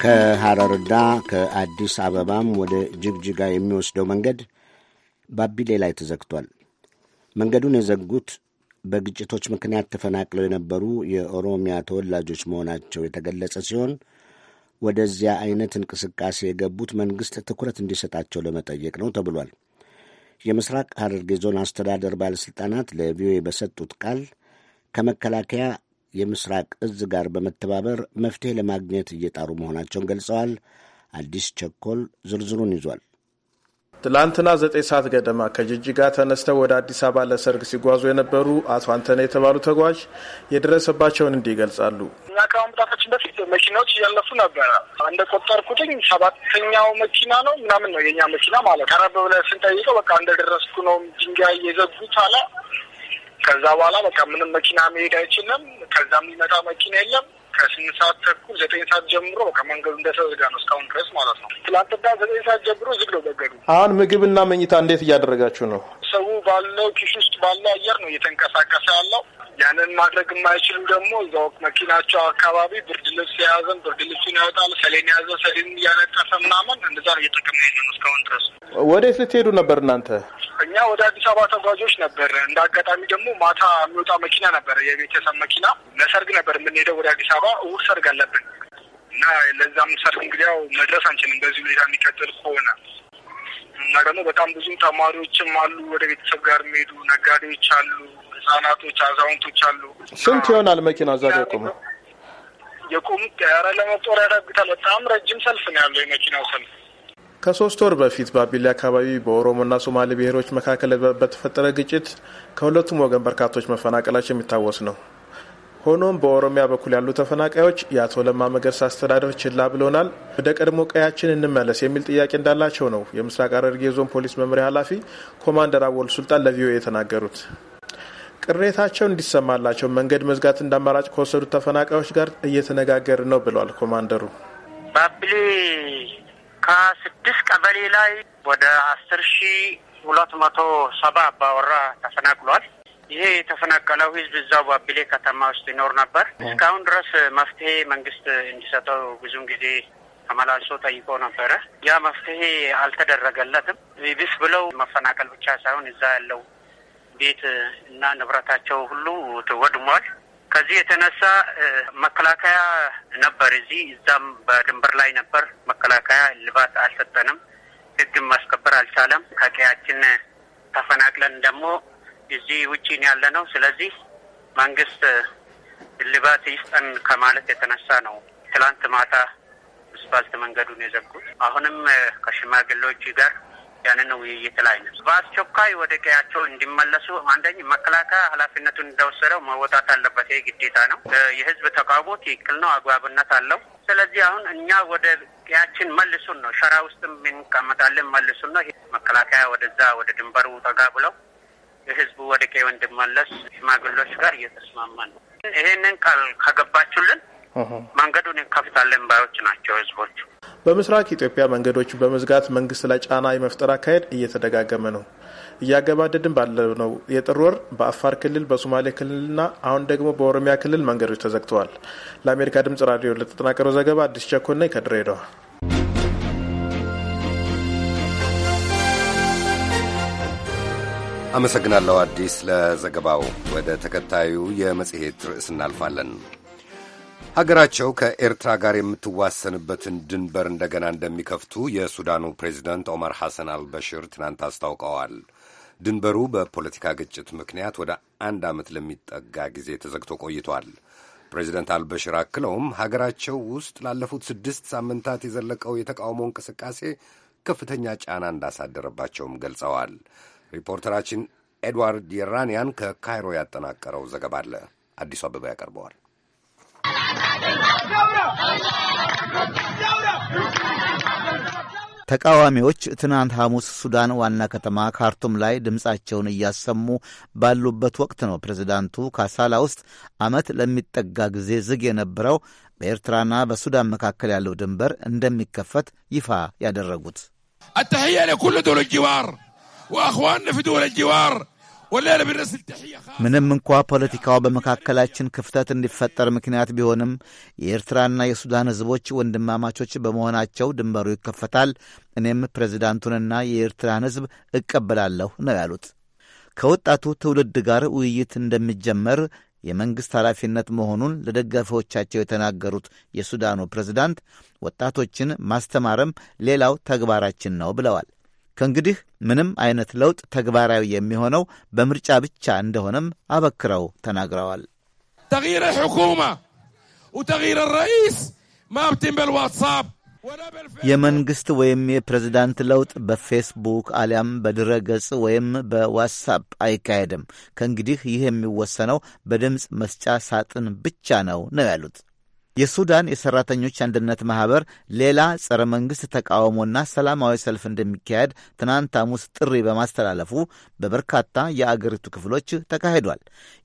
ከሐረርዳ ከአዲስ አበባም ወደ ጅግጅጋ የሚወስደው መንገድ ባቢሌ ላይ ተዘግቷል። መንገዱን የዘጉት በግጭቶች ምክንያት ተፈናቅለው የነበሩ የኦሮሚያ ተወላጆች መሆናቸው የተገለጸ ሲሆን ወደዚያ አይነት እንቅስቃሴ የገቡት መንግሥት ትኩረት እንዲሰጣቸው ለመጠየቅ ነው ተብሏል። የምስራቅ ሐረርጌ ዞን አስተዳደር ባለሥልጣናት ለቪኦኤ በሰጡት ቃል ከመከላከያ የምስራቅ እዝ ጋር በመተባበር መፍትሄ ለማግኘት እየጣሩ መሆናቸውን ገልጸዋል። አዲስ ቸኮል ዝርዝሩን ይዟል። ትላንትና ዘጠኝ ሰዓት ገደማ ከጅጅጋ ተነስተው ወደ አዲስ አበባ ለሰርግ ሲጓዙ የነበሩ አቶ አንተነ የተባሉ ተጓዥ የደረሰባቸውን እንዲህ ይገልጻሉ። እኛ ከመምጣታችን በፊት መኪናዎች እያለፉ ነበረ። እንደ ቆጠርኩትኝ ሰባተኛው መኪና ነው ምናምን ነው የኛ መኪና ማለት። ቀረብ ስንጠይቀው በቃ እንደደረስኩ ነው ድንጋይ የዘጉት አለ። ከዛ በኋላ በቃ ምንም መኪና መሄድ አይችልም። ከዛ የሚመጣ መኪና የለም። ከስምንት ሰዓት ተኩል ዘጠኝ ሰዓት ጀምሮ መንገዱ እንደተዘጋ ነው እስካሁን ድረስ ማለት ነው። ትላንትና ዘጠኝ ሰዓት ጀምሮ ዝግ ነው መንገዱ። አሁን ምግብና መኝታ እንዴት እያደረጋችሁ ነው? ሰው ባለው ኪሽ ውስጥ ባለው አየር ነው እየተንቀሳቀሰ ያለው። ያንን ማድረግ የማይችልም ደግሞ እዛው መኪናቸው አካባቢ ብርድ ልብስ የያዘን ብርድ ልብሱን ያወጣል፣ ሰሌን የያዘ ሰሌን እያነጠፈ ምናምን እንደዛ ነው እየጠቀምን ያለን እስካሁን ድረስ። ወዴት ልትሄዱ ነበር እናንተ? እኛ ወደ አዲስ አበባ ተጓዦች ነበር። እንደ አጋጣሚ ደግሞ ማታ የሚወጣ መኪና ነበር፣ የቤተሰብ መኪና። ለሰርግ ነበር የምንሄደው ወደ አዲስ አበባ። እሑድ ሰርግ አለብን እና ለዛም ሰርግ ያው መድረስ አንችልም በዚህ ሁኔታ የሚቀጥል ከሆነ እና ደግሞ በጣም ብዙም ተማሪዎችም አሉ፣ ወደ ቤተሰብ ጋር የሚሄዱ ነጋዴዎች አሉ ህጻናቶች፣ አዛውንቶች አሉ። ስንት ይሆናል መኪና እዛ ላይ የቆመው? የቆሙት ኧረ ለመቆር ያዳግታል። በጣም ረጅም ሰልፍ ነው ያለው የመኪናው ሰልፍ። ከሶስት ወር በፊት በአቢሊ አካባቢ በኦሮሞና ሶማሌ ብሔሮች መካከል በተፈጠረ ግጭት ከሁለቱም ወገን በርካቶች መፈናቀላቸው የሚታወስ ነው። ሆኖም በኦሮሚያ በኩል ያሉ ተፈናቃዮች የአቶ ለማ መገርሳ አስተዳደር ችላ ብሎናል፣ ወደ ቀድሞ ቀያችን እንመለስ የሚል ጥያቄ እንዳላቸው ነው የምስራቅ ሐረርጌ ዞን ፖሊስ መምሪያ ኃላፊ ኮማንደር አወል ሱልጣን ለቪኦኤ የተናገሩት። ቅሬታቸው እንዲሰማላቸው መንገድ መዝጋት እንዳማራጭ አማራጭ ከወሰዱት ተፈናቃዮች ጋር እየተነጋገር ነው ብለዋል ኮማንደሩ። ባብሌ ከስድስት ቀበሌ ላይ ወደ አስር ሺ ሁለት መቶ ሰባ አባወራ ተፈናቅሏል። ይሄ የተፈናቀለው ህዝብ እዛው ባብሌ ከተማ ውስጥ ይኖር ነበር። እስካሁን ድረስ መፍትሄ መንግስት እንዲሰጠው ብዙም ጊዜ ተመላልሶ ጠይቆ ነበረ። ያ መፍትሄ አልተደረገለትም። ቢስ ብለው መፈናቀል ብቻ ሳይሆን እዛ ያለው ቤት እና ንብረታቸው ሁሉ ወድሟል። ከዚህ የተነሳ መከላከያ ነበር እዚህ እዛም በድንበር ላይ ነበር። መከላከያ እልባት አልሰጠንም፣ ህግን ማስከበር አልቻለም። ከቀያችን ተፈናቅለን ደግሞ እዚህ ውጪን ያለ ነው። ስለዚህ መንግስት እልባት ይስጠን ከማለት የተነሳ ነው ትላንት ማታ አስፋልት መንገዱን የዘጉት። አሁንም ከሽማግሌዎች ጋር ያንን ውይይት ላይ ነው። በአስቸኳይ ወደ ቀያቸው እንዲመለሱ አንደኝ መከላከያ ኃላፊነቱን እንደወሰደው መወጣት አለበት። ይህ ግዴታ ነው። የህዝብ ተቃውሞ ትክክል ነው፣ አግባብነት አለው። ስለዚህ አሁን እኛ ወደ ቀያችን መልሱን ነው፣ ሸራ ውስጥም እንቀመጣለን፣ መልሱን ነው። መከላከያ ወደዛ ወደ ድንበሩ ጠጋ ብለው የህዝቡ ወደ ቀዩ እንዲመለስ ሽማግሎች ጋር እየተስማማን ነው። ይሄንን ቃል ከገባችሁልን መንገዱን እንከፍታለን ባዮች ናቸው ህዝቦቹ። በምስራቅ ኢትዮጵያ መንገዶች በመዝጋት መንግስት ላይ ጫና የመፍጠር አካሄድ እየተደጋገመ ነው። እያገባደድን ባለው ነው የጥር ወር በአፋር ክልል በሶማሌ ክልልና አሁን ደግሞ በኦሮሚያ ክልል መንገዶች ተዘግተዋል። ለአሜሪካ ድምጽ ራዲዮ ለተጠናቀረው ዘገባ አዲስ ቸኮና ከድሬዳዋ። አመሰግናለሁ አዲስ ለዘገባው። ወደ ተከታዩ የመጽሔት ርዕስ እናልፋለን። ሀገራቸው ከኤርትራ ጋር የምትዋሰንበትን ድንበር እንደገና እንደሚከፍቱ የሱዳኑ ፕሬዚደንት ኦመር ሐሰን አልበሽር ትናንት አስታውቀዋል። ድንበሩ በፖለቲካ ግጭት ምክንያት ወደ አንድ ዓመት ለሚጠጋ ጊዜ ተዘግቶ ቆይቷል። ፕሬዚደንት አልበሽር አክለውም ሀገራቸው ውስጥ ላለፉት ስድስት ሳምንታት የዘለቀው የተቃውሞ እንቅስቃሴ ከፍተኛ ጫና እንዳሳደረባቸውም ገልጸዋል። ሪፖርተራችን ኤድዋርድ የራንያን ከካይሮ ያጠናቀረው ዘገባ አለ፣ አዲሱ አበባ ያቀርበዋል። ተቃዋሚዎች ትናንት ሐሙስ ሱዳን ዋና ከተማ ካርቱም ላይ ድምፃቸውን እያሰሙ ባሉበት ወቅት ነው ፕሬዚዳንቱ ካሳላ ውስጥ ዓመት ለሚጠጋ ጊዜ ዝግ የነበረው በኤርትራና በሱዳን መካከል ያለው ድንበር እንደሚከፈት ይፋ ያደረጉት። አተህያ ለኩል ዱል ጅዋር ወአኽዋን ፊ ጅዋር ምንም እንኳ ፖለቲካው በመካከላችን ክፍተት እንዲፈጠር ምክንያት ቢሆንም የኤርትራና የሱዳን ሕዝቦች ወንድማማቾች በመሆናቸው ድንበሩ ይከፈታል፣ እኔም ፕሬዚዳንቱንና የኤርትራን ሕዝብ እቀበላለሁ ነው ያሉት። ከወጣቱ ትውልድ ጋር ውይይት እንደሚጀመር የመንግሥት ኃላፊነት መሆኑን ለደጋፊዎቻቸው የተናገሩት የሱዳኑ ፕሬዝዳንት ወጣቶችን ማስተማርም ሌላው ተግባራችን ነው ብለዋል። ከእንግዲህ ምንም አይነት ለውጥ ተግባራዊ የሚሆነው በምርጫ ብቻ እንደሆነም አበክረው ተናግረዋል። ተግይር ልሑኩማ ወተግይር ረኢስ ማብቲን በልዋትሳፕ የመንግሥት ወይም የፕሬዝዳንት ለውጥ በፌስቡክ አሊያም በድረ ገጽ ወይም በዋትሳፕ አይካሄድም። ከእንግዲህ ይህ የሚወሰነው በድምፅ መስጫ ሳጥን ብቻ ነው ነው ያሉት። የሱዳን የሠራተኞች አንድነት ማኅበር ሌላ ጸረ መንግሥት ተቃውሞና ሰላማዊ ሰልፍ እንደሚካሄድ ትናንት ሐሙስ ጥሪ በማስተላለፉ በበርካታ የአገሪቱ ክፍሎች ተካሂዷል።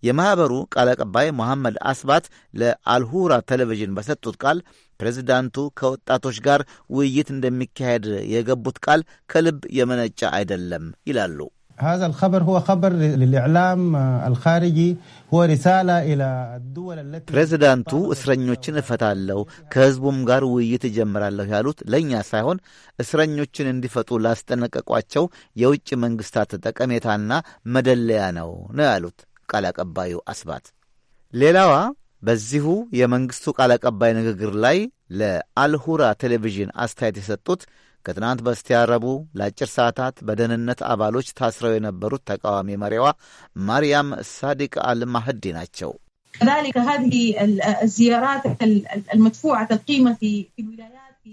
የማኅበሩ ቃል አቀባይ መሐመድ አስባት ለአልሁራ ቴሌቪዥን በሰጡት ቃል ፕሬዚዳንቱ ከወጣቶች ጋር ውይይት እንደሚካሄድ የገቡት ቃል ከልብ የመነጨ አይደለም ይላሉ። هذا الخبر هو خبر للإعلام الخارجي هو رسالة إلى الدول التي ፕሬዚዳንቱ እስረኞችን እፈታለሁ ከህዝቡም ጋር ውይይት እጀምራለሁ ያሉት ለእኛ ሳይሆን እስረኞችን እንዲፈጡ ላስጠነቀቋቸው የውጭ መንግስታት ጠቀሜታና መደለያ ነው ነው ያሉት ቃል አቀባዩ አስባት። ሌላዋ በዚሁ የመንግስቱ ቃል አቀባይ ንግግር ላይ ለአልሁራ ቴሌቪዥን አስተያየት የሰጡት ከትናንት በስቲያ ረቡዕ ለአጭር ሰዓታት በደህንነት አባሎች ታስረው የነበሩት ተቃዋሚ መሪዋ ማርያም ሳዲቅ አልማህዲ ናቸው።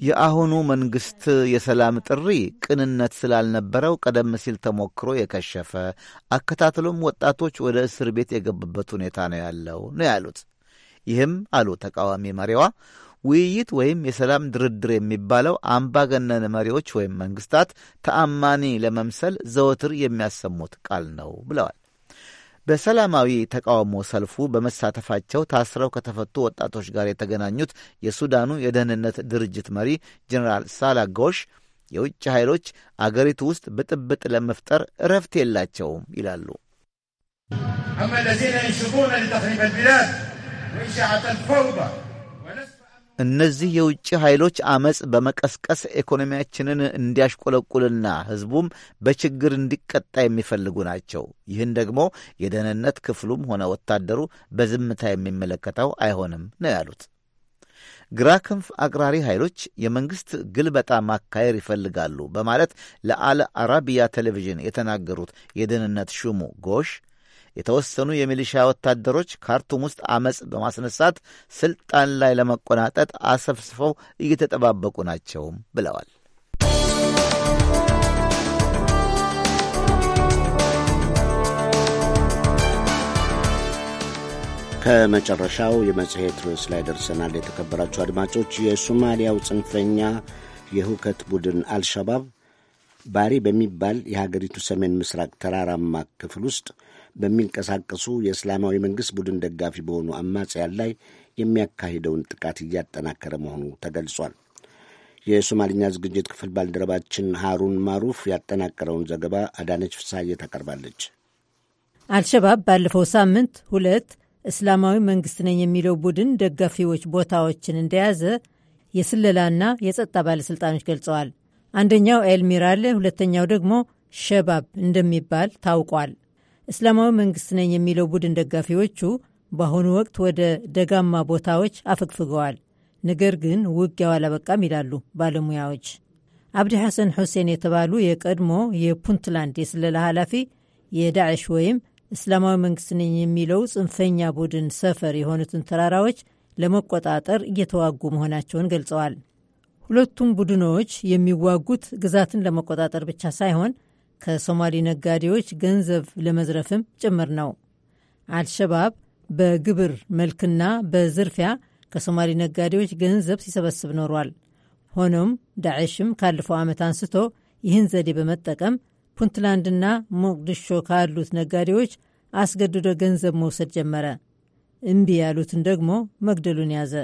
የአሁኑ መንግስት የሰላም ጥሪ ቅንነት ስላልነበረው ቀደም ሲል ተሞክሮ የከሸፈ አከታትሎም ወጣቶች ወደ እስር ቤት የገቡበት ሁኔታ ነው ያለው ነው ያሉት። ይህም አሉ ተቃዋሚ መሪዋ ውይይት ወይም የሰላም ድርድር የሚባለው አምባገነን መሪዎች ወይም መንግስታት ተአማኒ ለመምሰል ዘወትር የሚያሰሙት ቃል ነው ብለዋል። በሰላማዊ ተቃውሞ ሰልፉ በመሳተፋቸው ታስረው ከተፈቱ ወጣቶች ጋር የተገናኙት የሱዳኑ የደህንነት ድርጅት መሪ ጀኔራል ሳላ ጎሽ የውጭ ኃይሎች አገሪቱ ውስጥ ብጥብጥ ለመፍጠር እረፍት የላቸውም ይላሉ። አማ ለዚነ ينشطون لتخريب البلاد وإشاعة الفوضى እነዚህ የውጭ ኃይሎች አመፅ በመቀስቀስ ኢኮኖሚያችንን እንዲያሽቆለቁልና ሕዝቡም በችግር እንዲቀጣ የሚፈልጉ ናቸው። ይህን ደግሞ የደህንነት ክፍሉም ሆነ ወታደሩ በዝምታ የሚመለከተው አይሆንም ነው ያሉት። ግራ ክንፍ አቅራሪ ኃይሎች የመንግሥት ግልበጣ ማካሄድ ይፈልጋሉ በማለት ለአል አረቢያ ቴሌቪዥን የተናገሩት የደህንነት ሹሙ ጎሽ የተወሰኑ የሚሊሻ ወታደሮች ካርቱም ውስጥ አመፅ በማስነሳት ስልጣን ላይ ለመቆናጠጥ አሰፍስፈው እየተጠባበቁ ናቸውም ብለዋል። ከመጨረሻው የመጽሔት ርዕስ ላይ ደርሰናል። የተከበራችሁ አድማጮች፣ የሶማሊያው ጽንፈኛ የሁከት ቡድን አልሸባብ ባሪ በሚባል የሀገሪቱ ሰሜን ምስራቅ ተራራማ ክፍል ውስጥ በሚንቀሳቀሱ የእስላማዊ መንግሥት ቡድን ደጋፊ በሆኑ አማጽያን ላይ የሚያካሂደውን ጥቃት እያጠናከረ መሆኑ ተገልጿል። የሶማልኛ ዝግጅት ክፍል ባልደረባችን ሃሩን ማሩፍ ያጠናቀረውን ዘገባ አዳነች ፍሳዬ ታቀርባለች። አልሸባብ ባለፈው ሳምንት ሁለት እስላማዊ መንግሥት ነኝ የሚለው ቡድን ደጋፊዎች ቦታዎችን እንደያዘ የስለላና የጸጥታ ባለሥልጣኖች ገልጸዋል። አንደኛው ኤልሚራል ሁለተኛው ደግሞ ሸባብ እንደሚባል ታውቋል። እስላማዊ መንግስት ነኝ የሚለው ቡድን ደጋፊዎቹ በአሁኑ ወቅት ወደ ደጋማ ቦታዎች አፈግፍገዋል። ነገር ግን ውጊያው አላበቃም ይላሉ ባለሙያዎች። አብዲ ሐሰን ሁሴን የተባሉ የቀድሞ የፑንትላንድ የስለላ ኃላፊ የዳዕሽ ወይም እስላማዊ መንግስት ነኝ የሚለው ጽንፈኛ ቡድን ሰፈር የሆኑትን ተራራዎች ለመቆጣጠር እየተዋጉ መሆናቸውን ገልጸዋል። ሁለቱም ቡድኖች የሚዋጉት ግዛትን ለመቆጣጠር ብቻ ሳይሆን ከሶማሌ ነጋዴዎች ገንዘብ ለመዝረፍም ጭምር ነው። አልሸባብ በግብር መልክና በዝርፊያ ከሶማሌ ነጋዴዎች ገንዘብ ሲሰበስብ ኖሯል። ሆኖም ዳዕሽም ካለፈው ዓመት አንስቶ ይህን ዘዴ በመጠቀም ፑንትላንድና ሞቅዲሾ ካሉት ነጋዴዎች አስገድዶ ገንዘብ መውሰድ ጀመረ። እምቢ ያሉትን ደግሞ መግደሉን ያዘ።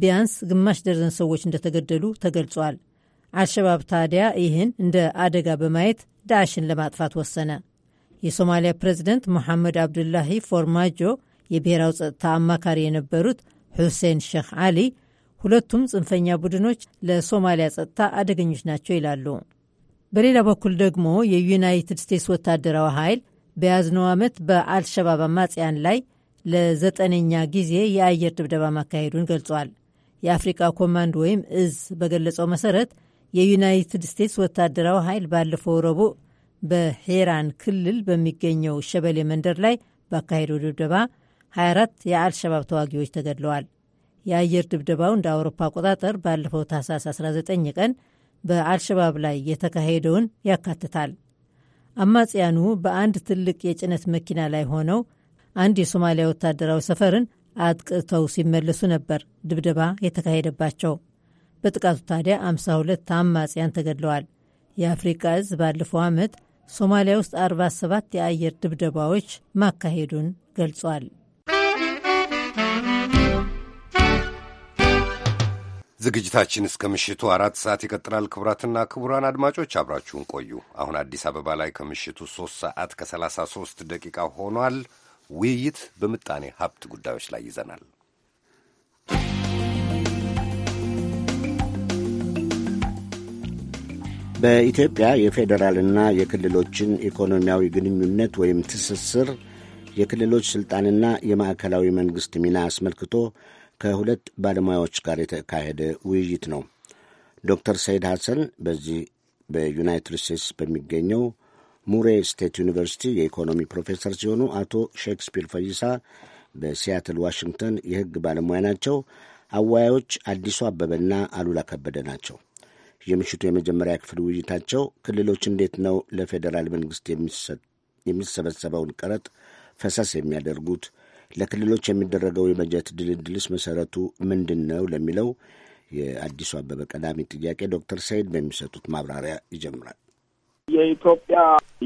ቢያንስ ግማሽ ደርዘን ሰዎች እንደተገደሉ ተገልጿል። አልሸባብ ታዲያ ይህን እንደ አደጋ በማየት ዳዕሽን ለማጥፋት ወሰነ። የሶማሊያ ፕሬዚደንት መሐመድ አብዱላሂ ፎርማጆ የብሔራዊ ጸጥታ አማካሪ የነበሩት ሑሴን ሼክ አሊ ሁለቱም ጽንፈኛ ቡድኖች ለሶማሊያ ጸጥታ አደገኞች ናቸው ይላሉ። በሌላ በኩል ደግሞ የዩናይትድ ስቴትስ ወታደራዊ ኃይል በያዝነው ዓመት በአልሸባብ አማጽያን ላይ ለዘጠነኛ ጊዜ የአየር ድብደባ ማካሄዱን ገልጿል። የአፍሪቃ ኮማንድ ወይም እዝ በገለጸው መሰረት የዩናይትድ ስቴትስ ወታደራዊ ኃይል ባለፈው ረቡዕ በሄራን ክልል በሚገኘው ሸበሌ መንደር ላይ ባካሄደው ድብደባ 24 የአልሸባብ ተዋጊዎች ተገድለዋል። የአየር ድብደባው እንደ አውሮፓ አቆጣጠር ባለፈው ታህሳስ 19 ቀን በአልሸባብ ላይ የተካሄደውን ያካትታል። አማጽያኑ በአንድ ትልቅ የጭነት መኪና ላይ ሆነው አንድ የሶማሊያ ወታደራዊ ሰፈርን አጥቅተው ሲመለሱ ነበር ድብደባ የተካሄደባቸው። በጥቃቱ ታዲያ 52 አማጽያን ተገድለዋል። የአፍሪቃ እዝ ባለፈው ዓመት ሶማሊያ ውስጥ 47 የአየር ድብደባዎች ማካሄዱን ገልጿል። ዝግጅታችን እስከ ምሽቱ አራት ሰዓት ይቀጥላል። ክቡራትና ክቡራን አድማጮች አብራችሁን ቆዩ። አሁን አዲስ አበባ ላይ ከምሽቱ 3 ሰዓት ከ33 ደቂቃ ሆኗል። ውይይት በምጣኔ ሀብት ጉዳዮች ላይ ይዘናል። በኢትዮጵያ የፌዴራልና የክልሎችን ኢኮኖሚያዊ ግንኙነት ወይም ትስስር፣ የክልሎች ሥልጣንና የማዕከላዊ መንግሥት ሚና አስመልክቶ ከሁለት ባለሙያዎች ጋር የተካሄደ ውይይት ነው። ዶክተር ሰይድ ሐሰን በዚህ በዩናይትድ ስቴትስ በሚገኘው ሙሬ ስቴት ዩኒቨርሲቲ የኢኮኖሚ ፕሮፌሰር ሲሆኑ አቶ ሼክስፒር ፈይሳ በሲያትል ዋሽንግተን የሕግ ባለሙያ ናቸው። አወያዮች አዲሱ አበበና አሉላ ከበደ ናቸው። የምሽቱ የመጀመሪያ ክፍል ውይይታቸው ክልሎች እንዴት ነው ለፌዴራል መንግስት የሚሰበሰበውን ቀረጥ ፈሰስ የሚያደርጉት፣ ለክልሎች የሚደረገው የበጀት ድልድልስ መሰረቱ ምንድን ነው ለሚለው የአዲሱ አበበ ቀዳሚ ጥያቄ ዶክተር ሰይድ በሚሰጡት ማብራሪያ ይጀምራል። የኢትዮጵያ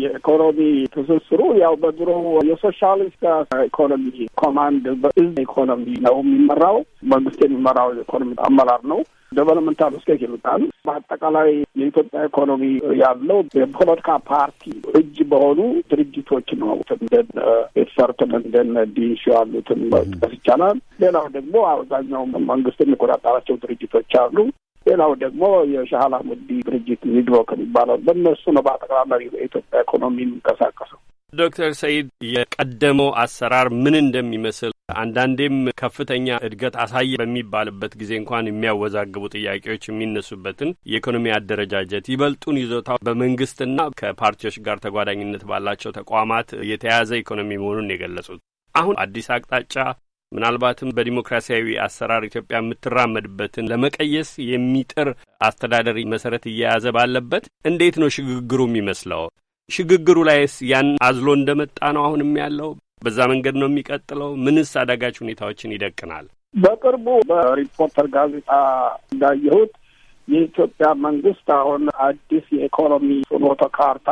የኢኮኖሚ ትስስሩ ያው በድሮ የሶሻሊስት ኢኮኖሚ ኮማንድ በእዝ ኢኮኖሚ ነው የሚመራው። መንግስት የሚመራው ኢኮኖሚ አመራር ነው። ደቨሎፕመንታል ስቴት ይሉታል። በአጠቃላይ የኢትዮጵያ ኢኮኖሚ ያለው የፖለቲካ ፓርቲ እጅ በሆኑ ድርጅቶች ነው። እንደነ የተሰሩትን እንደነ ዲሽ ያሉትን መጥቀስ ይቻላል። ሌላው ደግሞ አብዛኛው መንግስት የሚቆጣጠራቸው ድርጅቶች አሉ። ሌላው ደግሞ የሻህ አላሙዲ ድርጅት ሚድሮክ ከሚባለው በእነሱ ነው በአጠቃላይ በኢትዮጵያ ኢኮኖሚ የሚንቀሳቀሰው። ዶክተር ሰይድ የቀደመው አሰራር ምን እንደሚመስል አንዳንዴም ከፍተኛ እድገት አሳየ በሚባልበት ጊዜ እንኳን የሚያወዛግቡ ጥያቄዎች የሚነሱበትን የኢኮኖሚ አደረጃጀት ይበልጡን ይዞታው በመንግስትና ከፓርቲዎች ጋር ተጓዳኝነት ባላቸው ተቋማት የተያያዘ ኢኮኖሚ መሆኑን የገለጹት አሁን አዲስ አቅጣጫ ምናልባትም በዲሞክራሲያዊ አሰራር ኢትዮጵያ የምትራመድበትን ለመቀየስ የሚጥር አስተዳደር መሰረት እየያዘ ባለበት እንዴት ነው ሽግግሩ የሚመስለው? ሽግግሩ ላይስ ያን አዝሎ እንደመጣ ነው አሁንም ያለው? በዛ መንገድ ነው የሚቀጥለው? ምንስ አዳጋች ሁኔታዎችን ይደቅናል? በቅርቡ በሪፖርተር ጋዜጣ እንዳየሁት የኢትዮጵያ መንግስት አሁን አዲስ የኢኮኖሚ ፍኖተ ካርታ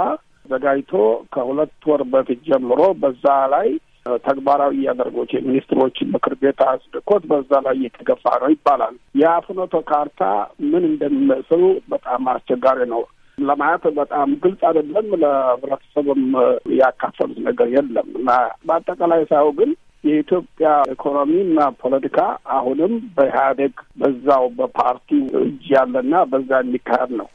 ዘጋጅቶ ከሁለት ወር በፊት ጀምሮ በዛ ላይ ተግባራዊ ያደርጎች የሚኒስትሮች ምክር ቤት አጽድቆት በዛ ላይ እየተገፋ ነው ይባላል። የአፍኖተ ካርታ ምን እንደሚመስሉ በጣም አስቸጋሪ ነው ለማየት በጣም ግልጽ አይደለም። ለህብረተሰብም ያካፈሉት ነገር የለም እና በአጠቃላይ ሳይሆን ግን የኢትዮጵያ ኢኮኖሚና ፖለቲካ አሁንም በኢህአዴግ በዛው በፓርቲው እጅ ያለና በዛ የሚካሄድ ነው።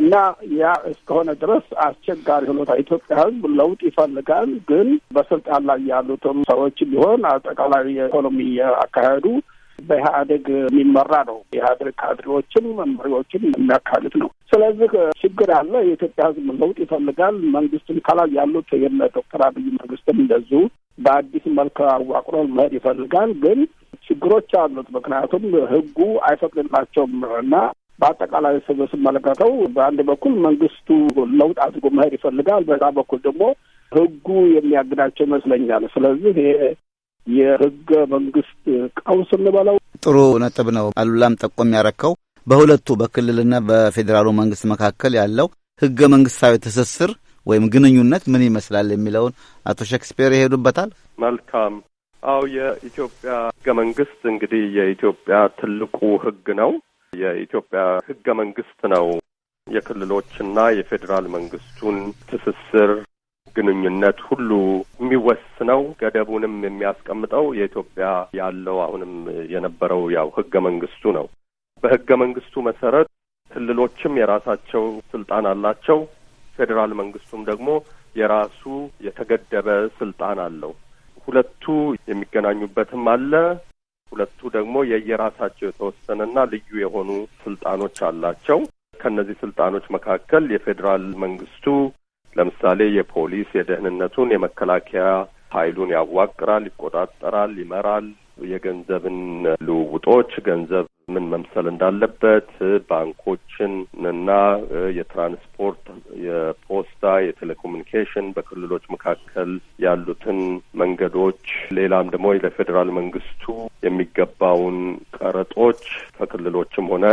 እና ያ እስከሆነ ድረስ አስቸጋሪ ሁኔታ ኢትዮጵያ ህዝብ ለውጥ ይፈልጋል። ግን በስልጣን ላይ ያሉትም ሰዎች ቢሆን አጠቃላይ የኢኮኖሚ አካሄዱ በኢህአዴግ የሚመራ ነው። የኢህአዴግ ካድሬዎችም መሪዎችም የሚያካልጥ ነው። ስለዚህ ችግር አለ። የኢትዮጵያ ህዝብ ለውጥ ይፈልጋል። መንግስትም ከላይ ያሉት የነ ዶክተር አብይ መንግስትም እንደዚሁ በአዲስ መልክ አዋቅሮ መሄድ ይፈልጋል። ግን ችግሮች አሉት። ምክንያቱም ህጉ አይፈቅድላቸውም እና በአጠቃላይ ስመለከተው በአንድ በኩል መንግስቱ ለውጥ አድርጎ መሄድ ይፈልጋል፣ በዛ በኩል ደግሞ ህጉ የሚያግዳቸው ይመስለኛል። ስለዚህ ይሄ የህገ መንግስት ቀውስ እንበለው ጥሩ ነጥብ ነው። አሉላም ጠቆም ያረከው በሁለቱ በክልልና በፌዴራሉ መንግስት መካከል ያለው ህገ መንግስታዊ ትስስር ወይም ግንኙነት ምን ይመስላል የሚለውን አቶ ሼክስፒር ይሄዱበታል። መልካም። አዎ የኢትዮጵያ ህገ መንግስት እንግዲህ የኢትዮጵያ ትልቁ ህግ ነው። የኢትዮጵያ ህገ መንግስት ነው የክልሎችና የፌዴራል መንግስቱን ትስስር ግንኙነት ሁሉ የሚወስነው ገደቡንም የሚያስቀምጠው የኢትዮጵያ ያለው አሁንም የነበረው ያው ህገ መንግስቱ ነው። በህገ መንግስቱ መሰረት ክልሎችም የራሳቸው ስልጣን አላቸው። ፌዴራል መንግስቱም ደግሞ የራሱ የተገደበ ስልጣን አለው። ሁለቱ የሚገናኙበትም አለ ሁለቱ ደግሞ የየራሳቸው የተወሰነና ልዩ የሆኑ ስልጣኖች አላቸው። ከእነዚህ ስልጣኖች መካከል የፌዴራል መንግስቱ ለምሳሌ የፖሊስ የደህንነቱን፣ የመከላከያ ኃይሉን ያዋቅራል፣ ይቆጣጠራል፣ ይመራል። የገንዘብን ልውውጦች ገንዘብ ምን መምሰል እንዳለበት ባንኮችን እና የትራንስፖርት፣ የፖስታ፣ የቴሌኮሙኒኬሽን በክልሎች መካከል ያሉትን መንገዶች ሌላም ደግሞ ለፌዴራል መንግስቱ የሚገባውን ቀረጦች ከክልሎችም ሆነ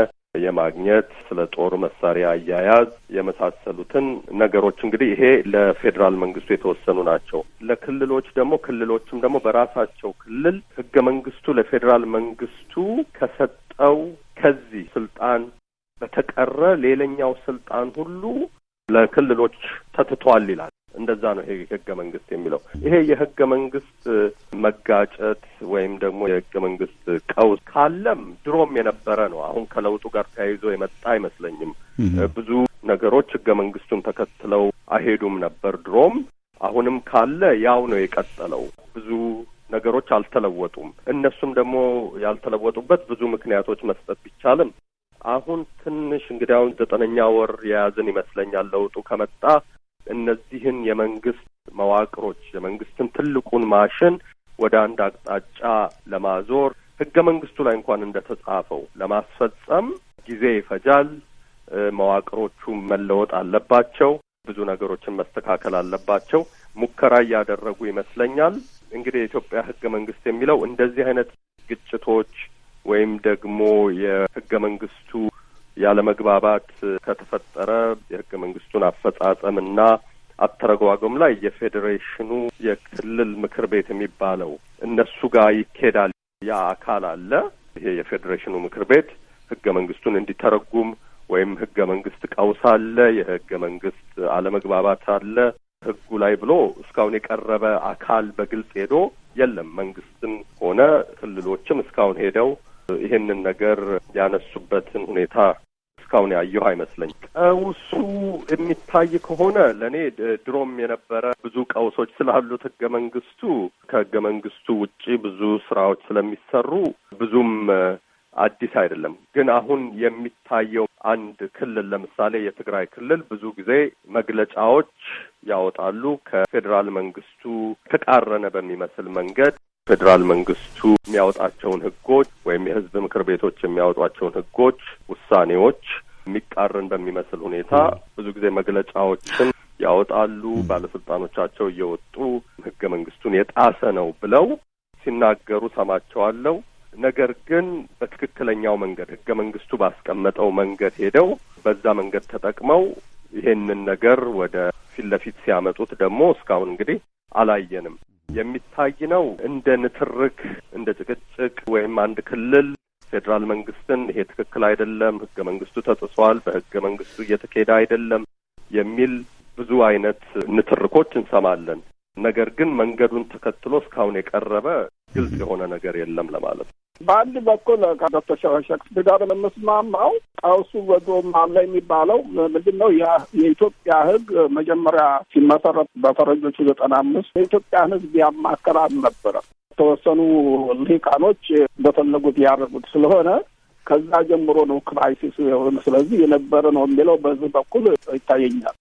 የማግኘት ስለ ጦር መሳሪያ አያያዝ የመሳሰሉትን ነገሮች እንግዲህ ይሄ ለፌዴራል መንግስቱ የተወሰኑ ናቸው። ለክልሎች ደግሞ ክልሎችም ደግሞ በራሳቸው ክልል ህገ መንግስቱ ለፌዴራል መንግስቱ ከሰጠ ሰው ከዚህ ስልጣን በተቀረ ሌላኛው ስልጣን ሁሉ ለክልሎች ተትቷል ይላል። እንደዛ ነው ይሄ የህገ መንግስት የሚለው። ይሄ የህገ መንግስት መጋጨት ወይም ደግሞ የህገ መንግስት ቀውስ ካለም ድሮም የነበረ ነው። አሁን ከለውጡ ጋር ተያይዞ የመጣ አይመስለኝም። ብዙ ነገሮች ህገ መንግስቱን ተከትለው አይሄዱም ነበር ድሮም። አሁንም ካለ ያው ነው የቀጠለው ብዙ ነገሮች አልተለወጡም። እነሱም ደግሞ ያልተለወጡበት ብዙ ምክንያቶች መስጠት ቢቻልም አሁን ትንሽ እንግዲህ አሁን ዘጠነኛ ወር የያዝን ይመስለኛል ለውጡ ከመጣ እነዚህን የመንግስት መዋቅሮች የመንግስትን ትልቁን ማሽን ወደ አንድ አቅጣጫ ለማዞር ህገ መንግስቱ ላይ እንኳን እንደ ተጻፈው ለማስፈጸም ጊዜ ይፈጃል። መዋቅሮቹ መለወጥ አለባቸው። ብዙ ነገሮችን መስተካከል አለባቸው። ሙከራ እያደረጉ ይመስለኛል። እንግዲህ የኢትዮጵያ ህገ መንግስት የሚለው እንደዚህ አይነት ግጭቶች ወይም ደግሞ የህገ መንግስቱ ያለመግባባት ከተፈጠረ የህገ መንግስቱን ና አተረጓጎም ላይ የፌዴሬሽኑ የክልል ምክር ቤት የሚባለው እነሱ ጋር ይኬዳል። ያ አካል አለ። ይሄ የፌዴሬሽኑ ምክር ቤት ህገ መንግስቱን እንዲተረጉም ወይም ህገ መንግስት ቀውስ አለ፣ የህገ መንግስት አለመግባባት አለ፣ ህጉ ላይ ብሎ እስካሁን የቀረበ አካል በግልጽ ሄዶ የለም። መንግስትም ሆነ ክልሎችም እስካሁን ሄደው ይህንን ነገር ያነሱበትን ሁኔታ እስካሁን ያየሁ አይመስለኝ። ቀውሱ የሚታይ ከሆነ ለእኔ ድሮም የነበረ ብዙ ቀውሶች ስላሉት ህገ መንግስቱ ከህገ መንግስቱ ውጪ ብዙ ስራዎች ስለሚሰሩ ብዙም አዲስ አይደለም። ግን አሁን የሚታየው አንድ ክልል ለምሳሌ የትግራይ ክልል ብዙ ጊዜ መግለጫዎች ያወጣሉ ከፌዴራል መንግስቱ ተቃረነ በሚመስል መንገድ ፌዴራል መንግስቱ የሚያወጣቸውን ህጎች ወይም የህዝብ ምክር ቤቶች የሚያወጧቸውን ህጎች፣ ውሳኔዎች የሚቃረን በሚመስል ሁኔታ ብዙ ጊዜ መግለጫዎችን ያወጣሉ። ባለስልጣኖቻቸው እየወጡ ህገ መንግስቱን የጣሰ ነው ብለው ሲናገሩ ሰማቸዋለሁ። ነገር ግን በትክክለኛው መንገድ ህገ መንግስቱ ባስቀመጠው መንገድ ሄደው በዛ መንገድ ተጠቅመው ይሄንን ነገር ወደ ፊት ለፊት ሲያመጡት ደግሞ እስካሁን እንግዲህ አላየንም። የሚታይ ነው እንደ ንትርክ፣ እንደ ጭቅጭቅ ወይም አንድ ክልል ፌዴራል መንግስትን ይሄ ትክክል አይደለም፣ ህገ መንግስቱ ተጥሷል፣ በህገ መንግስቱ እየተካሄደ አይደለም የሚል ብዙ አይነት ንትርኮች እንሰማለን። ነገር ግን መንገዱን ተከትሎ እስካሁን የቀረበ ግልጽ የሆነ ነገር የለም ለማለት ነው። በአንድ በኩል ከዶክተር ሸክስፒ ጋር የምስማማው ቀውሱ በጎም አለ የሚባለው ምንድን ነው? የኢትዮጵያ ሕግ መጀመሪያ ሲመሰረት በፈረንጆቹ ዘጠና አምስት የኢትዮጵያን ሕዝብ ያማከል አልነበረም። የተወሰኑ ሊቃኖች በፈለጉት ያደረጉት ስለሆነ ከዛ ጀምሮ ነው ክራይሲስ የሆነ ስለዚህ የነበረ ነው የሚለው በዚህ በኩል ይታየኛል።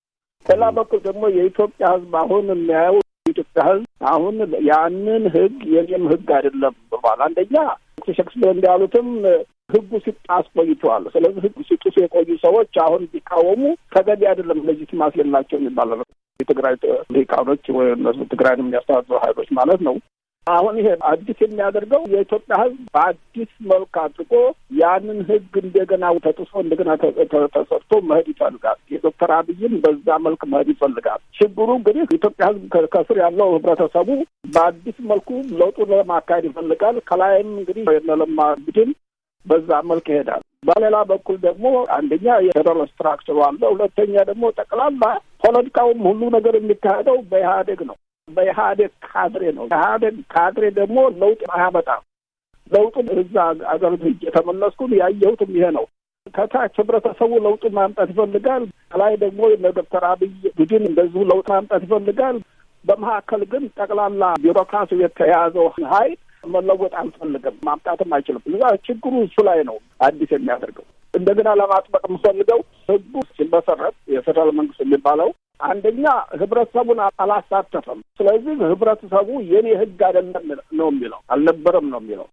ሌላ በኩል ደግሞ የኢትዮጵያ ህዝብ አሁን የሚያየው የኢትዮጵያ ህዝብ አሁን ያንን ህግ የኔም ህግ አይደለም ብሏል። አንደኛ ሼክስፒር እንዳሉትም ህጉ ሲጣስ ቆይተዋል። ስለዚህ ህጉ ሲጥሱ የቆዩ ሰዎች አሁን ቢቃወሙ ተገቢ አይደለም፣ ሌጂቲማሲ የሚባለ ነው። የትግራይ ሊቃኖች ወይ እነሱ ትግራይን የሚያስተዳድሩ ሀይሎች ማለት ነው አሁን ይሄ አዲስ የሚያደርገው የኢትዮጵያ ሕዝብ በአዲስ መልክ አድርጎ ያንን ሕግ እንደገና ተጥሶ እንደገና ተሰርቶ መሄድ ይፈልጋል። የዶክተር አብይም በዛ መልክ መሄድ ይፈልጋል። ችግሩ እንግዲህ የኢትዮጵያ ሕዝብ ከስር ያለው ህብረተሰቡ በአዲስ መልኩ ለውጡን ለማካሄድ ይፈልጋል። ከላይም እንግዲህ የነለማ ቡድን በዛ መልክ ይሄዳል። በሌላ በኩል ደግሞ አንደኛ የፌደራል ስትራክቸሩ አለ፣ ሁለተኛ ደግሞ ጠቅላላ ፖለቲካውም ሁሉ ነገር የሚካሄደው በኢህአዴግ ነው። በኢህአዴግ ካድሬ ነው። ኢህአዴግ ካድሬ ደግሞ ለውጥ አያመጣም። ለውጡን እዛ አገር የተመለስኩት ያየሁትም ይሄ ነው። ከታች ህብረተሰቡ ለውጡ ማምጣት ይፈልጋል። ከላይ ደግሞ ዶክተር አብይ ቡድን እንደዚሁ ለውጥ ማምጣት ይፈልጋል። በመካከል ግን ጠቅላላ ቢሮክራሲ የተያዘው ሀይል መለወጥ አልፈልግም፣ ማምጣትም አይችልም። እዛ ችግሩ እሱ ላይ ነው አዲስ የሚያደርገው እንደገና ለማጥበቅ የምፈልገው ህጉ ሲመሰረት የፌደራል መንግስት የሚባለው አንደኛ ህብረተሰቡን አላሳተፈም። ስለዚህ ህብረተሰቡ የኔ ህግ አይደለም ነው የሚለው አልነበረም ነው የሚለው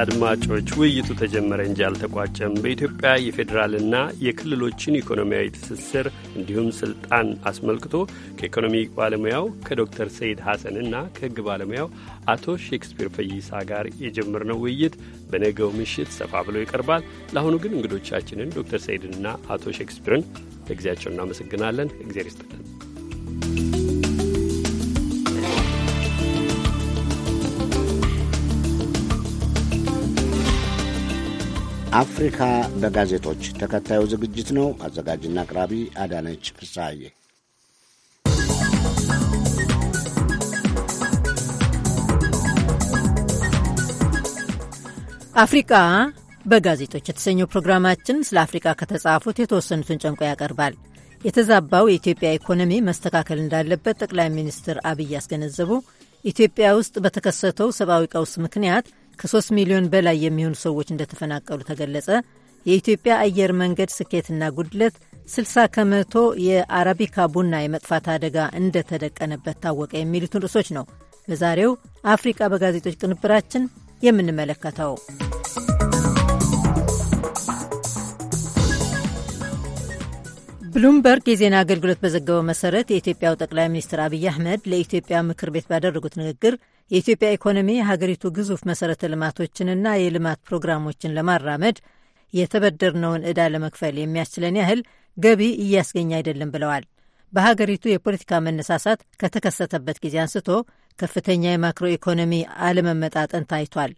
አድማጮች ውይይቱ ተጀመረ እንጂ አልተቋጨም። በኢትዮጵያ የፌዴራልና የክልሎችን ኢኮኖሚያዊ ትስስር እንዲሁም ስልጣን አስመልክቶ ከኢኮኖሚ ባለሙያው ከዶክተር ሰይድ ሐሰን እና ከሕግ ባለሙያው አቶ ሼክስፒር ፈይሳ ጋር የጀመርነው ውይይት በነገው ምሽት ሰፋ ብሎ ይቀርባል። ለአሁኑ ግን እንግዶቻችንን ዶክተር ሰይድንና አቶ ሼክስፒርን ለጊዜያቸው እናመሰግናለን። እግዜር ይስጥልን። አፍሪካ በጋዜጦች ተከታዩ ዝግጅት ነው። አዘጋጅና አቅራቢ አዳነች ፍስሐዬ። አፍሪቃ በጋዜጦች የተሰኘው ፕሮግራማችን ስለ አፍሪቃ ከተጻፉት የተወሰኑትን ጨምቆ ያቀርባል። የተዛባው የኢትዮጵያ ኢኮኖሚ መስተካከል እንዳለበት ጠቅላይ ሚኒስትር አብይ ያስገነዘቡ፣ ኢትዮጵያ ውስጥ በተከሰተው ሰብአዊ ቀውስ ምክንያት ከ3 ሚሊዮን በላይ የሚሆኑ ሰዎች እንደተፈናቀሉ ተገለጸ። የኢትዮጵያ አየር መንገድ ስኬትና ጉድለት 60 ከመቶ የአረቢካ ቡና የመጥፋት አደጋ እንደተደቀነበት ታወቀ። የሚሉትን ርዕሶች ነው በዛሬው አፍሪቃ በጋዜጦች ቅንብራችን የምንመለከተው። ብሉምበርግ የዜና አገልግሎት በዘገበው መሰረት የኢትዮጵያው ጠቅላይ ሚኒስትር አብይ አህመድ ለኢትዮጵያ ምክር ቤት ባደረጉት ንግግር የኢትዮጵያ ኢኮኖሚ የሀገሪቱ ግዙፍ መሰረተ ልማቶችንና የልማት ፕሮግራሞችን ለማራመድ የተበደርነውን ዕዳ ለመክፈል የሚያስችለን ያህል ገቢ እያስገኘ አይደለም ብለዋል። በሀገሪቱ የፖለቲካ መነሳሳት ከተከሰተበት ጊዜ አንስቶ ከፍተኛ የማክሮ ኢኮኖሚ አለመመጣጠን ታይቷል።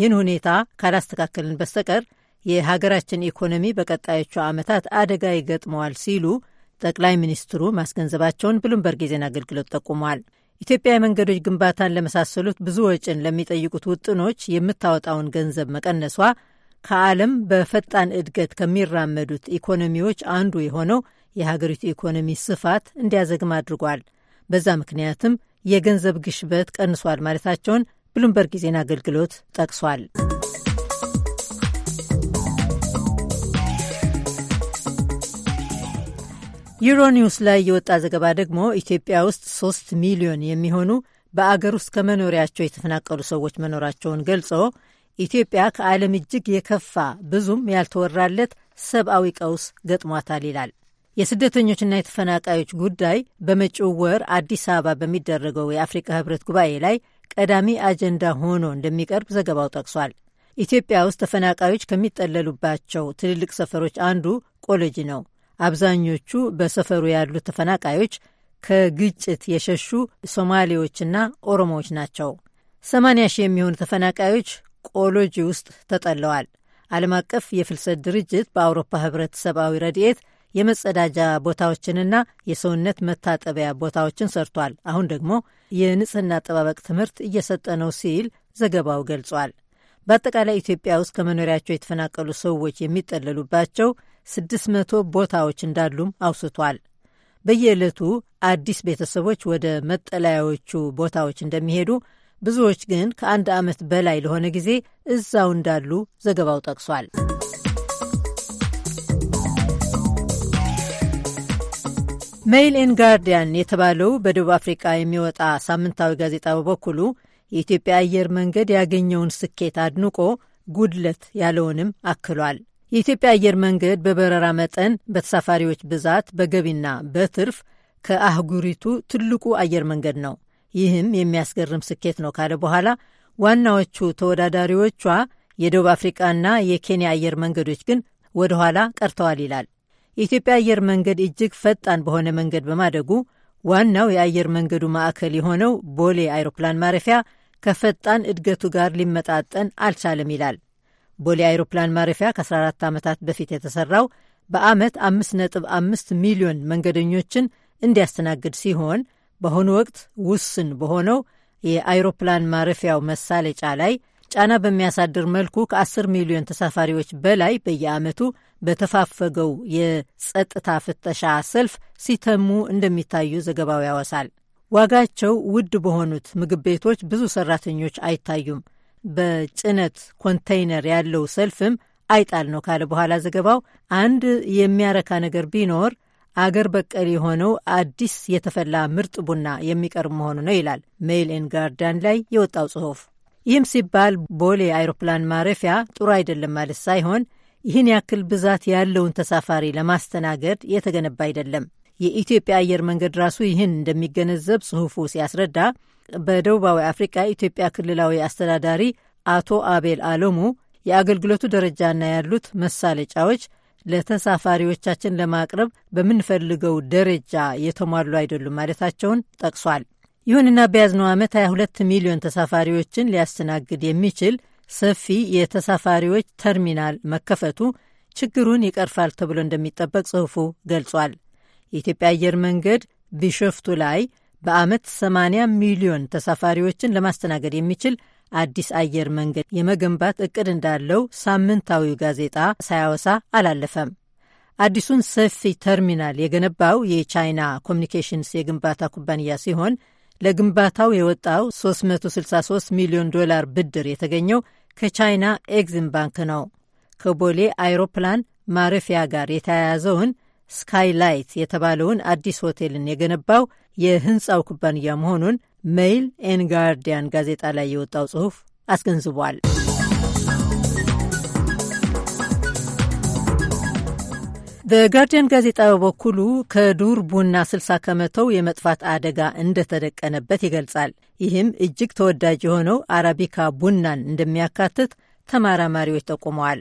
ይህን ሁኔታ ካላስተካከልን በስተቀር የሀገራችን ኢኮኖሚ በቀጣዮቹ ዓመታት አደጋ ይገጥመዋል ሲሉ ጠቅላይ ሚኒስትሩ ማስገንዘባቸውን ብሉምበርግ የዜና አገልግሎት ጠቁሟል። ኢትዮጵያ የመንገዶች ግንባታን ለመሳሰሉት ብዙ ወጪን ለሚጠይቁት ውጥኖች የምታወጣውን ገንዘብ መቀነሷ ከዓለም በፈጣን እድገት ከሚራመዱት ኢኮኖሚዎች አንዱ የሆነው የሀገሪቱ ኢኮኖሚ ስፋት እንዲያዘግም አድርጓል። በዛ ምክንያትም የገንዘብ ግሽበት ቀንሷል ማለታቸውን ብሉምበርግ የዜና አገልግሎት ጠቅሷል። ዩሮኒውስ ላይ የወጣ ዘገባ ደግሞ ኢትዮጵያ ውስጥ ሶስት ሚሊዮን የሚሆኑ በአገር ውስጥ ከመኖሪያቸው የተፈናቀሉ ሰዎች መኖራቸውን ገልጾ ኢትዮጵያ ከዓለም እጅግ የከፋ ብዙም ያልተወራለት ሰብአዊ ቀውስ ገጥሟታል ይላል። የስደተኞችና የተፈናቃዮች ጉዳይ በመጪው ወር አዲስ አበባ በሚደረገው የአፍሪካ ሕብረት ጉባኤ ላይ ቀዳሚ አጀንዳ ሆኖ እንደሚቀርብ ዘገባው ጠቅሷል። ኢትዮጵያ ውስጥ ተፈናቃዮች ከሚጠለሉባቸው ትልልቅ ሰፈሮች አንዱ ቆሎጂ ነው። አብዛኞቹ በሰፈሩ ያሉት ተፈናቃዮች ከግጭት የሸሹ ሶማሌዎችና ኦሮሞዎች ናቸው። 80 ሺህ የሚሆኑ ተፈናቃዮች ቆሎጂ ውስጥ ተጠለዋል። ዓለም አቀፍ የፍልሰት ድርጅት በአውሮፓ ህብረት ሰብአዊ ረድኤት የመጸዳጃ ቦታዎችንና የሰውነት መታጠቢያ ቦታዎችን ሰርቷል። አሁን ደግሞ የንጽህና አጠባበቅ ትምህርት እየሰጠ ነው ሲል ዘገባው ገልጿል። በአጠቃላይ ኢትዮጵያ ውስጥ ከመኖሪያቸው የተፈናቀሉ ሰዎች የሚጠለሉባቸው 600 ቦታዎች እንዳሉም አውስቷል። በየዕለቱ አዲስ ቤተሰቦች ወደ መጠለያዎቹ ቦታዎች እንደሚሄዱ፣ ብዙዎች ግን ከአንድ ዓመት በላይ ለሆነ ጊዜ እዛው እንዳሉ ዘገባው ጠቅሷል። ሜይል ኤን ጋርዲያን የተባለው በደቡብ አፍሪቃ የሚወጣ ሳምንታዊ ጋዜጣ በበኩሉ የኢትዮጵያ አየር መንገድ ያገኘውን ስኬት አድንቆ ጉድለት ያለውንም አክሏል። የኢትዮጵያ አየር መንገድ በበረራ መጠን፣ በተሳፋሪዎች ብዛት፣ በገቢና በትርፍ ከአህጉሪቱ ትልቁ አየር መንገድ ነው፣ ይህም የሚያስገርም ስኬት ነው ካለ በኋላ ዋናዎቹ ተወዳዳሪዎቿ የደቡብ አፍሪቃና የኬንያ አየር መንገዶች ግን ወደ ኋላ ቀርተዋል ይላል። የኢትዮጵያ አየር መንገድ እጅግ ፈጣን በሆነ መንገድ በማደጉ ዋናው የአየር መንገዱ ማዕከል የሆነው ቦሌ አይሮፕላን ማረፊያ ከፈጣን እድገቱ ጋር ሊመጣጠን አልቻለም ይላል። ቦሌ አይሮፕላን ማረፊያ ከ14 ዓመታት በፊት የተሰራው በአመት 5.5 ሚሊዮን መንገደኞችን እንዲያስተናግድ ሲሆን በአሁኑ ወቅት ውስን በሆነው የአይሮፕላን ማረፊያው መሳለጫ ላይ ጫና በሚያሳድር መልኩ ከ10 ሚሊዮን ተሳፋሪዎች በላይ በየአመቱ በተፋፈገው የጸጥታ ፍተሻ ሰልፍ ሲተሙ እንደሚታዩ ዘገባው ያወሳል። ዋጋቸው ውድ በሆኑት ምግብ ቤቶች ብዙ ሰራተኞች አይታዩም። በጭነት ኮንቴይነር ያለው ሰልፍም አይጣል ነው ካለ በኋላ ዘገባው አንድ የሚያረካ ነገር ቢኖር አገር በቀል የሆነው አዲስ የተፈላ ምርጥ ቡና የሚቀርብ መሆኑ ነው ይላል ሜይል ኤን ጋርዳን ላይ የወጣው ጽሑፍ። ይህም ሲባል ቦሌ አይሮፕላን ማረፊያ ጥሩ አይደለም ማለት ሳይሆን ይህን ያክል ብዛት ያለውን ተሳፋሪ ለማስተናገድ የተገነባ አይደለም። የኢትዮጵያ አየር መንገድ ራሱ ይህን እንደሚገነዘብ ጽሑፉ ሲያስረዳ በደቡባዊ አፍሪቃ የኢትዮጵያ ክልላዊ አስተዳዳሪ አቶ አቤል አለሙ የአገልግሎቱ ደረጃና ያሉት መሳለጫዎች ለተሳፋሪዎቻችን ለማቅረብ በምንፈልገው ደረጃ የተሟሉ አይደሉም ማለታቸውን ጠቅሷል። ይሁንና በያዝነው ዓመት 22 ሚሊዮን ተሳፋሪዎችን ሊያስተናግድ የሚችል ሰፊ የተሳፋሪዎች ተርሚናል መከፈቱ ችግሩን ይቀርፋል ተብሎ እንደሚጠበቅ ጽሑፉ ገልጿል። የኢትዮጵያ አየር መንገድ ቢሾፍቱ ላይ በዓመት 80 ሚሊዮን ተሳፋሪዎችን ለማስተናገድ የሚችል አዲስ አየር መንገድ የመገንባት እቅድ እንዳለው ሳምንታዊው ጋዜጣ ሳያወሳ አላለፈም። አዲሱን ሰፊ ተርሚናል የገነባው የቻይና ኮሚኒኬሽንስ የግንባታ ኩባንያ ሲሆን ለግንባታው የወጣው 363 ሚሊዮን ዶላር ብድር የተገኘው ከቻይና ኤግዚም ባንክ ነው። ከቦሌ አይሮፕላን ማረፊያ ጋር የተያያዘውን ስካይላይት የተባለውን አዲስ ሆቴልን የገነባው የህንፃው ኩባንያ መሆኑን ሜይል ኤን ጋርዲያን ጋዜጣ ላይ የወጣው ጽሑፍ አስገንዝቧል። በጋርዲያን ጋዜጣ በበኩሉ ከዱር ቡና 60 ከመቶው የመጥፋት አደጋ እንደተደቀነበት ይገልጻል። ይህም እጅግ ተወዳጅ የሆነው አረቢካ ቡናን እንደሚያካትት ተመራማሪዎች ጠቁመዋል።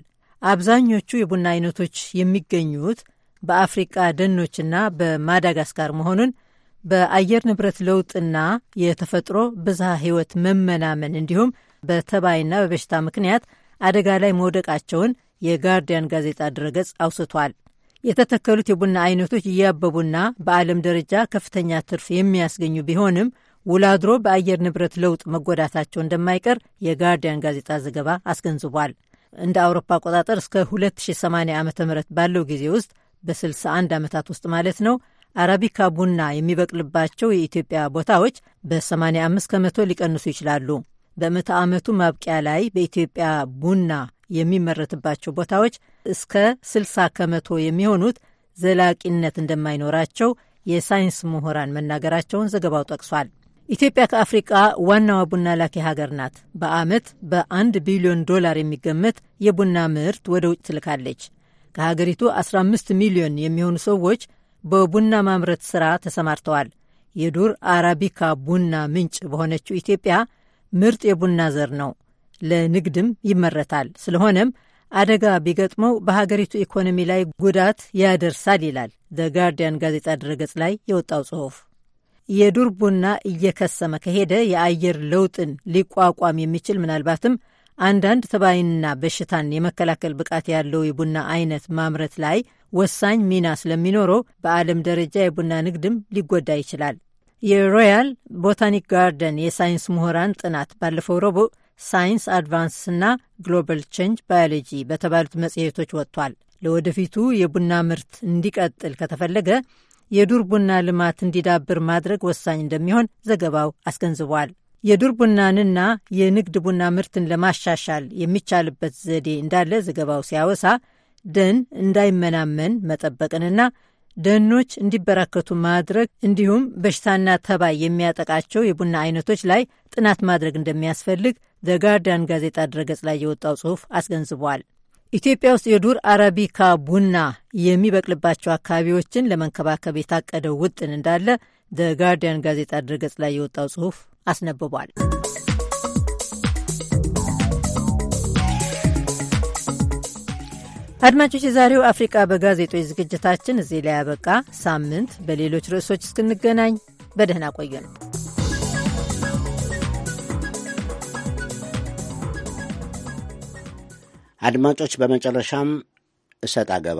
አብዛኞቹ የቡና አይነቶች የሚገኙት በአፍሪቃ ደኖችና በማዳጋስካር መሆኑን በአየር ንብረት ለውጥና የተፈጥሮ ብዝሃ ህይወት መመናመን እንዲሁም በተባይና በበሽታ ምክንያት አደጋ ላይ መውደቃቸውን የጋርዲያን ጋዜጣ ድረገጽ አውስቷል። የተተከሉት የቡና አይነቶች እያበቡና በዓለም ደረጃ ከፍተኛ ትርፍ የሚያስገኙ ቢሆንም ውላድሮ በአየር ንብረት ለውጥ መጎዳታቸው እንደማይቀር የጋርዲያን ጋዜጣ ዘገባ አስገንዝቧል። እንደ አውሮፓ አቆጣጠር እስከ 2080 ዓ ም ባለው ጊዜ ውስጥ በ61 ዓመታት ውስጥ ማለት ነው አረቢካ ቡና የሚበቅልባቸው የኢትዮጵያ ቦታዎች በ85 ከመቶ ሊቀንሱ ይችላሉ። በምዕተ ዓመቱ ማብቂያ ላይ በኢትዮጵያ ቡና የሚመረትባቸው ቦታዎች እስከ 60 ከመቶ የሚሆኑት ዘላቂነት እንደማይኖራቸው የሳይንስ ምሁራን መናገራቸውን ዘገባው ጠቅሷል። ኢትዮጵያ ከአፍሪቃ ዋናዋ ቡና ላኪ ሀገር ናት። በዓመት በአንድ ቢሊዮን ዶላር የሚገመት የቡና ምርት ወደ ውጭ ትልካለች። ከሀገሪቱ 15 ሚሊዮን የሚሆኑ ሰዎች በቡና ማምረት ሥራ ተሰማርተዋል። የዱር አራቢካ ቡና ምንጭ በሆነችው ኢትዮጵያ ምርጥ የቡና ዘር ነው፣ ለንግድም ይመረታል። ስለሆነም አደጋ ቢገጥመው በሀገሪቱ ኢኮኖሚ ላይ ጉዳት ያደርሳል ይላል ዘ ጋርዲያን ጋዜጣ ድረገጽ ላይ የወጣው ጽሑፍ። የዱር ቡና እየከሰመ ከሄደ የአየር ለውጥን ሊቋቋም የሚችል ምናልባትም አንዳንድ ተባይንና በሽታን የመከላከል ብቃት ያለው የቡና አይነት ማምረት ላይ ወሳኝ ሚና ስለሚኖረው በዓለም ደረጃ የቡና ንግድም ሊጎዳ ይችላል። የሮያል ቦታኒክ ጋርደን የሳይንስ ምሁራን ጥናት ባለፈው ረቡዕ ሳይንስ አድቫንስና ግሎባል ቼንጅ ባዮሎጂ በተባሉት መጽሔቶች ወጥቷል። ለወደፊቱ የቡና ምርት እንዲቀጥል ከተፈለገ የዱር ቡና ልማት እንዲዳብር ማድረግ ወሳኝ እንደሚሆን ዘገባው አስገንዝቧል። የዱር ቡናንና የንግድ ቡና ምርትን ለማሻሻል የሚቻልበት ዘዴ እንዳለ ዘገባው ሲያወሳ ደን እንዳይመናመን መጠበቅንና ደኖች እንዲበራከቱ ማድረግ እንዲሁም በሽታና ተባይ የሚያጠቃቸው የቡና አይነቶች ላይ ጥናት ማድረግ እንደሚያስፈልግ ዘጋርዲያን ጋዜጣ ድረገጽ ላይ የወጣው ጽሑፍ አስገንዝቧል። ኢትዮጵያ ውስጥ የዱር አረቢካ ቡና የሚበቅልባቸው አካባቢዎችን ለመንከባከብ የታቀደው ውጥን እንዳለ ዘጋርዲያን ጋዜጣ ድረገጽ ላይ የወጣው ጽሑፍ አስነብቧል። አድማጮች፣ የዛሬው አፍሪቃ በጋዜጦች ዝግጅታችን እዚህ ላይ ያበቃ። ሳምንት በሌሎች ርዕሶች እስክንገናኝ በደህና ቆዩን። አድማጮች፣ በመጨረሻም እሰጥ አገባ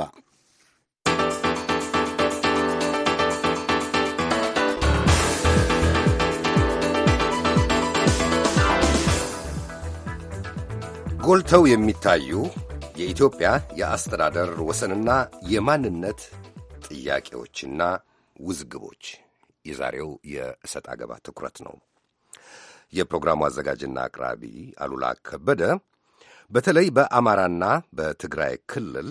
ጎልተው የሚታዩ የኢትዮጵያ የአስተዳደር ወሰንና የማንነት ጥያቄዎችና ውዝግቦች የዛሬው የእሰጥ አገባ ትኩረት ነው። የፕሮግራሙ አዘጋጅና አቅራቢ አሉላ ከበደ በተለይ በአማራና በትግራይ ክልል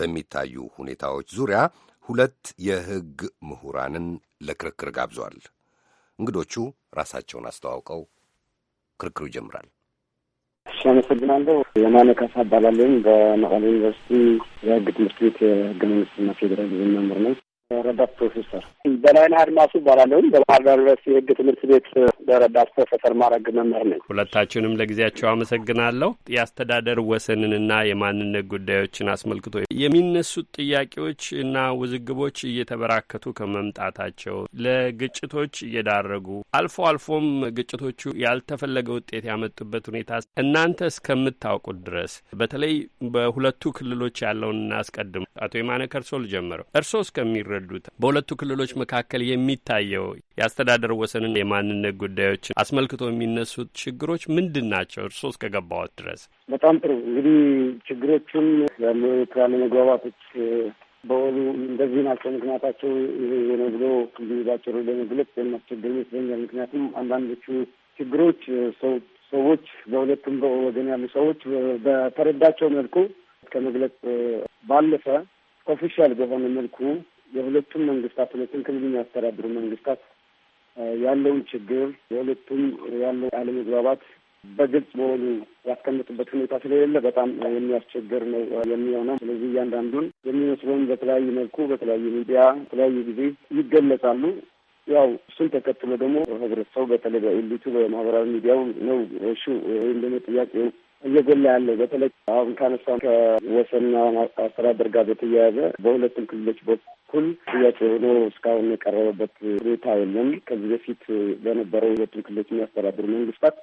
በሚታዩ ሁኔታዎች ዙሪያ ሁለት የሕግ ምሁራንን ለክርክር ጋብዟል። እንግዶቹ ራሳቸውን አስተዋውቀው ክርክሩ ይጀምራል። እሺ፣ አመሰግናለሁ። የማነ ካሳ እባላለሁ። በመቀሌ ዩኒቨርሲቲ የህግ ትምህርት ቤት የህገ መንግስትና ፌዴራሊዝም መምህር ነው። ረዳት ፕሮፌሰር በላይን አድማሱ እባላለሁ። በባህር ዳር ዩኒቨርሲቲ የሕግ ትምህርት ቤት በረዳት ፕሮፌሰር ማድረግ መምህር ነኝ። ሁለታችሁንም ለጊዜያቸው አመሰግናለሁ። የአስተዳደር ወሰንንና የማንነት ጉዳዮችን አስመልክቶ የሚነሱት ጥያቄዎች እና ውዝግቦች እየተበራከቱ ከመምጣታቸው ለግጭቶች እየዳረጉ አልፎ አልፎም ግጭቶቹ ያልተፈለገ ውጤት ያመጡበት ሁኔታ እናንተ እስከምታውቁት ድረስ በተለይ በሁለቱ ክልሎች ያለውን እናስቀድም። አቶ የማነ ከርሶ ልጀምረው እርስዎ እስከሚረ የተረዱት? በሁለቱ ክልሎች መካከል የሚታየው የአስተዳደር ወሰንን የማንነት ጉዳዮችን አስመልክቶ የሚነሱት ችግሮች ምንድን ናቸው? እርስዎ እስከገባዎት ድረስ። በጣም ጥሩ እንግዲህ ችግሮቹን ያለ መግባባቶች በሆኑ እንደዚህ ናቸው ምክንያታቸው ይሄ ነው ብሎ እንዲህ ባጭሩ ለመግለጽ የሚያስቸግር ይመስለኛል። ምክንያቱም አንዳንዶቹ ችግሮች ሰው ሰዎች በሁለቱም ወገን ያሉ ሰዎች በተረዳቸው መልኩ ከመግለጽ ባለፈ ኦፊሻል በሆነ መልኩ የሁለቱም መንግስታት ሁለቱም ክልል የሚያስተዳድሩ መንግስታት ያለውን ችግር የሁለቱም ያለው አለመግባባት በግልጽ በሆኑ ያስቀምጡበት ሁኔታ ስለሌለ በጣም የሚያስቸግር ነው የሚሆነው። ስለዚህ እያንዳንዱን የሚመስለውን በተለያዩ መልኩ በተለያዩ ሚዲያ በተለያዩ ጊዜ ይገለጻሉ። ያው እሱን ተከትሎ ደግሞ ህብረተሰቡ በተለይ በኤሊቱ በማህበራዊ ሚዲያው ነው እሹ ወይም ደግሞ ጥያቄው እየጎላ ያለው በተለይ አሁን ካነሳ ከወሰንና አስተዳደር ጋር በተያያዘ በሁለቱም ክልሎች በኩል በኩል ጥያቄ ሆኖ እስካሁን የቀረበበት ሁኔታ የለም። ከዚህ በፊት በነበረው ሁለቱም ክልሎች የሚያስተዳድሩ መንግስታት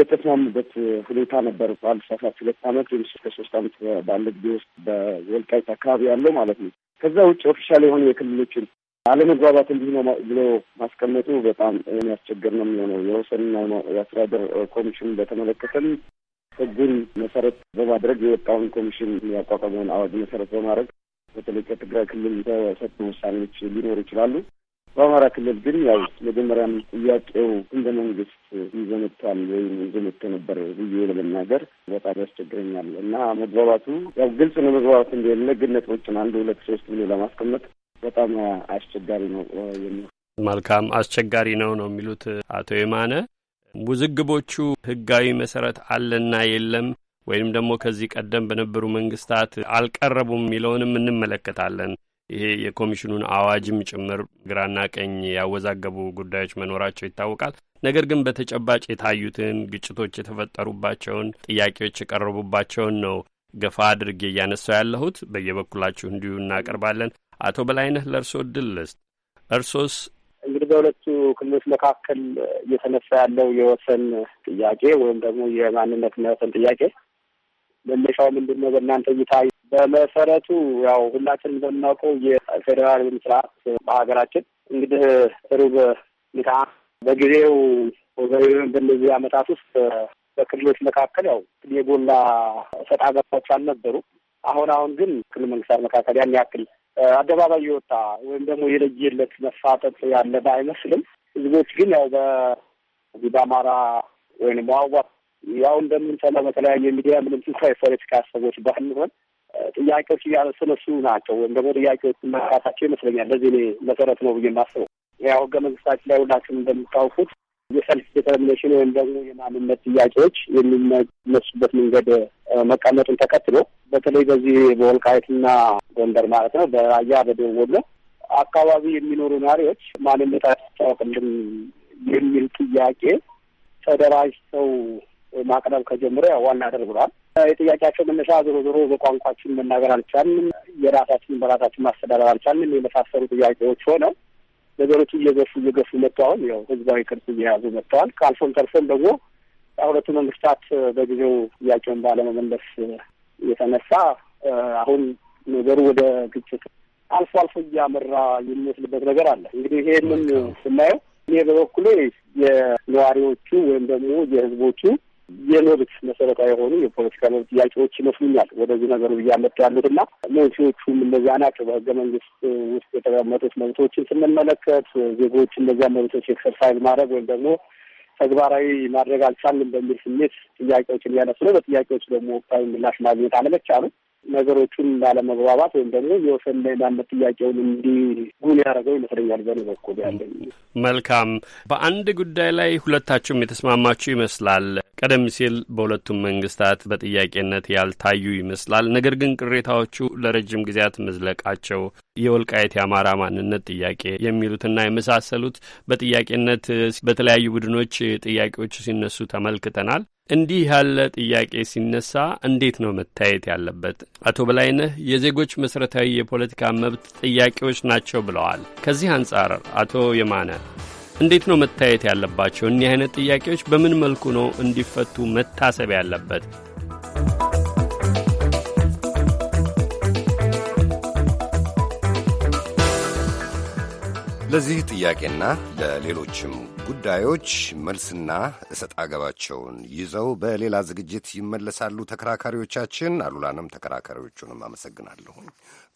የተስማሙበት ሁኔታ ነበር። ባለሳሳት ሁለት አመት ወይም ከሶስት አመት ባለ ጊዜ ውስጥ በወልቃይት አካባቢ ያለው ማለት ነው። ከዛ ውጭ ኦፊሻል የሆኑ የክልሎችን አለመግባባት እንዲህ ነው ብሎ ማስቀመጡ በጣም የሚያስቸግር ነው የሚሆነው። የወሰንና የአስተዳደር ኮሚሽን በተመለከተም ህጉን መሰረት በማድረግ የወጣውን ኮሚሽን ያቋቋመውን አዋጅ መሰረት በማድረግ በተለይ ከትግራይ ክልል የተሰጡ ውሳኔዎች ሊኖሩ ይችላሉ። በአማራ ክልል ግን ያው መጀመሪያም ጥያቄው እንደ መንግስት ይዘመቷል ወይም ይዘመቶ ነበር ብዬ ለመናገር በጣም ያስቸግረኛል እና መግባባቱ ያው ግልጽ ነው መግባባት እንደሌለ ግን ነጥቦችን አንድ ሁለት ሶስት ብሎ ለማስቀመጥ በጣም አስቸጋሪ ነው የሚ መልካም አስቸጋሪ ነው ነው የሚሉት አቶ የማነ ውዝግቦቹ ህጋዊ መሰረት አለና የለም ወይም ደግሞ ከዚህ ቀደም በነበሩ መንግስታት አልቀረቡም የሚለውንም እንመለከታለን። ይሄ የኮሚሽኑን አዋጅም ጭምር ግራና ቀኝ ያወዛገቡ ጉዳዮች መኖራቸው ይታወቃል። ነገር ግን በተጨባጭ የታዩትን ግጭቶች የተፈጠሩባቸውን፣ ጥያቄዎች የቀረቡባቸውን ነው ገፋ አድርጌ እያነሳው ያለሁት። በየበኩላችሁ እንዲሁ እናቀርባለን። አቶ በላይነህ ለእርሶ እድል ልስጥ። እርሶስ እንግዲህ በሁለቱ ክልሎች መካከል እየተነሳ ያለው የወሰን ጥያቄ ወይም ደግሞ የማንነትና የወሰን ጥያቄ መነሻው ምንድን ነው? በእናንተ እይታ? በመሰረቱ ያው ሁላችንም እንደምናውቀው የፌዴራሊዝም ስርዓት በሀገራችን እንግዲህ ሩብ ምታ በጊዜው በእነዚህ ውስጥ በክልሎች መካከል ያው የጎላ ሰጣ ገባዎች አልነበሩ። አሁን አሁን ግን ክልል መንግስታት መካከል ያን ያክል አደባባይ የወጣ ወይም ደግሞ የለየለት መፋጠጥ ያለ አይመስልም። ህዝቦች ግን ያው በዚህ በአማራ ወይም በአዋ ያው እንደምንሰማው በተለያየ ሚዲያ ምንም እንኳ የፖለቲካ ሰዎች ባንሆን ጥያቄዎች እያነሰነሱ ናቸው ወይም ደግሞ ጥያቄዎች መካታቸው ይመስለኛል። ለዚህ እኔ መሰረት ነው ብዬ የማስበው ያው ህገ መንግስታችን ላይ ሁላችሁም እንደምታውቁት የሰልፍ ዴተርሚኔሽን ወይም ደግሞ የማንነት ጥያቄዎች የሚነሱበት መንገድ መቀመጡን ተከትሎ በተለይ በዚህ በወልቃይትና ጎንደር ማለት ነው በራያ በደቡብ ወሎ አካባቢ የሚኖሩ ነዋሪዎች ማንነት አይታወቅልንም የሚል ጥያቄ ተደራጅተው ማቅረብ ከጀምሮ ያው ዋና ብሏል። የጥያቄያቸው መነሻ ዞሮ ዞሮ በቋንቋችን መናገር አልቻልንም፣ የራሳችንን በራሳችን ማስተዳደር አልቻልንም የመሳሰሉ ጥያቄዎች ሆነው ነገሮች እየገፉ እየገፉ መጡ። አሁን ያው ህዝባዊ ቅርጽ እየያዙ መጥተዋል። ከአልፎም ተርፎም ደግሞ ሁለቱ መንግስታት በጊዜው ጥያቄውን ባለመመለስ የተነሳ አሁን ነገሩ ወደ ግጭት አልፎ አልፎ እያመራ የሚመስልበት ነገር አለ። እንግዲህ ይሄንን ስናየው እኔ በበኩሌ የነዋሪዎቹ ወይም ደግሞ የህዝቦቹ የመብት መሰረታዊ የሆኑ የፖለቲካ መብት ጥያቄዎች ይመስሉኛል ወደዚህ ነገሩ እያመጡ ያሉት እና መንስኤዎቹም እነዚያ ናቸው። በህገ መንግስት ውስጥ የተቀመጡት መብቶችን ስንመለከት ዜጎች እነዚያ መብቶች ኤክሰርሳይዝ ማድረግ ወይም ደግሞ ተግባራዊ ማድረግ አልቻልም በሚል ስሜት ጥያቄዎችን እያነሱ ነው። በጥያቄዎች ደግሞ ወቅታዊ ምላሽ ማግኘት አለመቻሉ ነገሮቹን ላለመግባባት ወይም ደግሞ የወሰን ላይ ባነት ጥያቄውን እንዲጉን ያደረገው ይመስለኛል። በኔ በኩል ያለኝ መልካም። በአንድ ጉዳይ ላይ ሁለታችሁም የተስማማችሁ ይመስላል። ቀደም ሲል በሁለቱም መንግስታት በጥያቄነት ያልታዩ ይመስላል። ነገር ግን ቅሬታዎቹ ለረጅም ጊዜያት መዝለቃቸው የወልቃየት የአማራ ማንነት ጥያቄ የሚሉትና የመሳሰሉት በጥያቄነት በተለያዩ ቡድኖች ጥያቄዎቹ ሲነሱ ተመልክተናል። እንዲህ ያለ ጥያቄ ሲነሳ እንዴት ነው መታየት ያለበት? አቶ በላይነህ የዜጎች መሠረታዊ የፖለቲካ መብት ጥያቄዎች ናቸው ብለዋል። ከዚህ አንጻር አቶ የማነ እንዴት ነው መታየት ያለባቸው? እኒህ አይነት ጥያቄዎች በምን መልኩ ነው እንዲፈቱ መታሰብ ያለበት? ለዚህ ጥያቄና ለሌሎችም ጉዳዮች መልስና እሰጥ አገባቸውን ይዘው በሌላ ዝግጅት ይመለሳሉ ተከራካሪዎቻችን። አሉላንም ተከራካሪዎቹንም አመሰግናለሁኝ።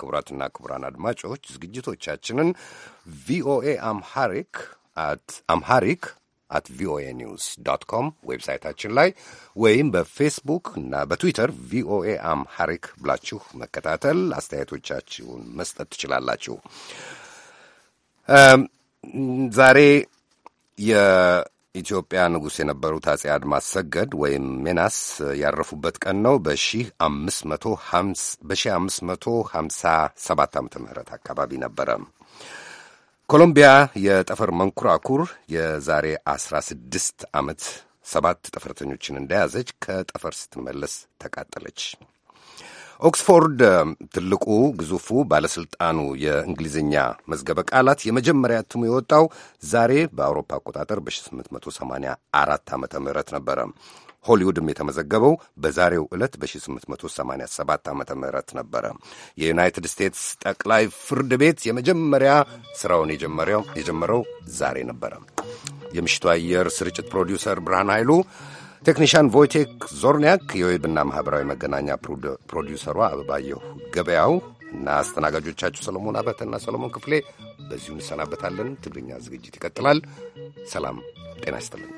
ክቡራትና ክቡራን አድማጮች ዝግጅቶቻችንን ቪኦኤ አምሃሪክ አት አምሃሪክ አት ቪኦኤ ኒውስ ዶት ኮም ዌብሳይታችን ላይ ወይም በፌስቡክ እና በትዊተር ቪኦኤ አምሃሪክ ብላችሁ መከታተል፣ አስተያየቶቻችሁን መስጠት ትችላላችሁ። ዛሬ የኢትዮጵያ ንጉሥ የነበሩት አጼ አድማስ ሰገድ ወይም ሜናስ ያረፉበት ቀን ነው ሀምሳ ሰባት ዓመተ ምህረት አካባቢ ነበረ። ኮሎምቢያ የጠፈር መንኮራኩር የዛሬ ስድስት ዓመት ሰባት ጠፈርተኞችን እንደያዘች ከጠፈር ስትመለስ ተቃጠለች። ኦክስፎርድ ትልቁ ግዙፉ ባለሥልጣኑ የእንግሊዝኛ መዝገበ ቃላት የመጀመሪያ እትሙ የወጣው ዛሬ በአውሮፓ አቆጣጠር በ1884 ዓ ም ነበረ። ሆሊውድም የተመዘገበው በዛሬው ዕለት በ1887 ዓ ም ነበረ። የዩናይትድ ስቴትስ ጠቅላይ ፍርድ ቤት የመጀመሪያ ሥራውን የጀመረው ዛሬ ነበረ። የምሽቱ አየር ስርጭት ፕሮዲውሰር ብርሃን ኃይሉ ቴክኒሽያን ቮይቴክ ዞርኒያክ፣ የዌብና ማኅበራዊ መገናኛ ፕሮዲውሰሯ አበባየሁ ገበያው እና አስተናጋጆቻችሁ ሰለሞን አባተና ሰሎሞን ክፍሌ በዚሁ እንሰናበታለን። ትግርኛ ዝግጅት ይቀጥላል። ሰላም ጤና ይስጥልን።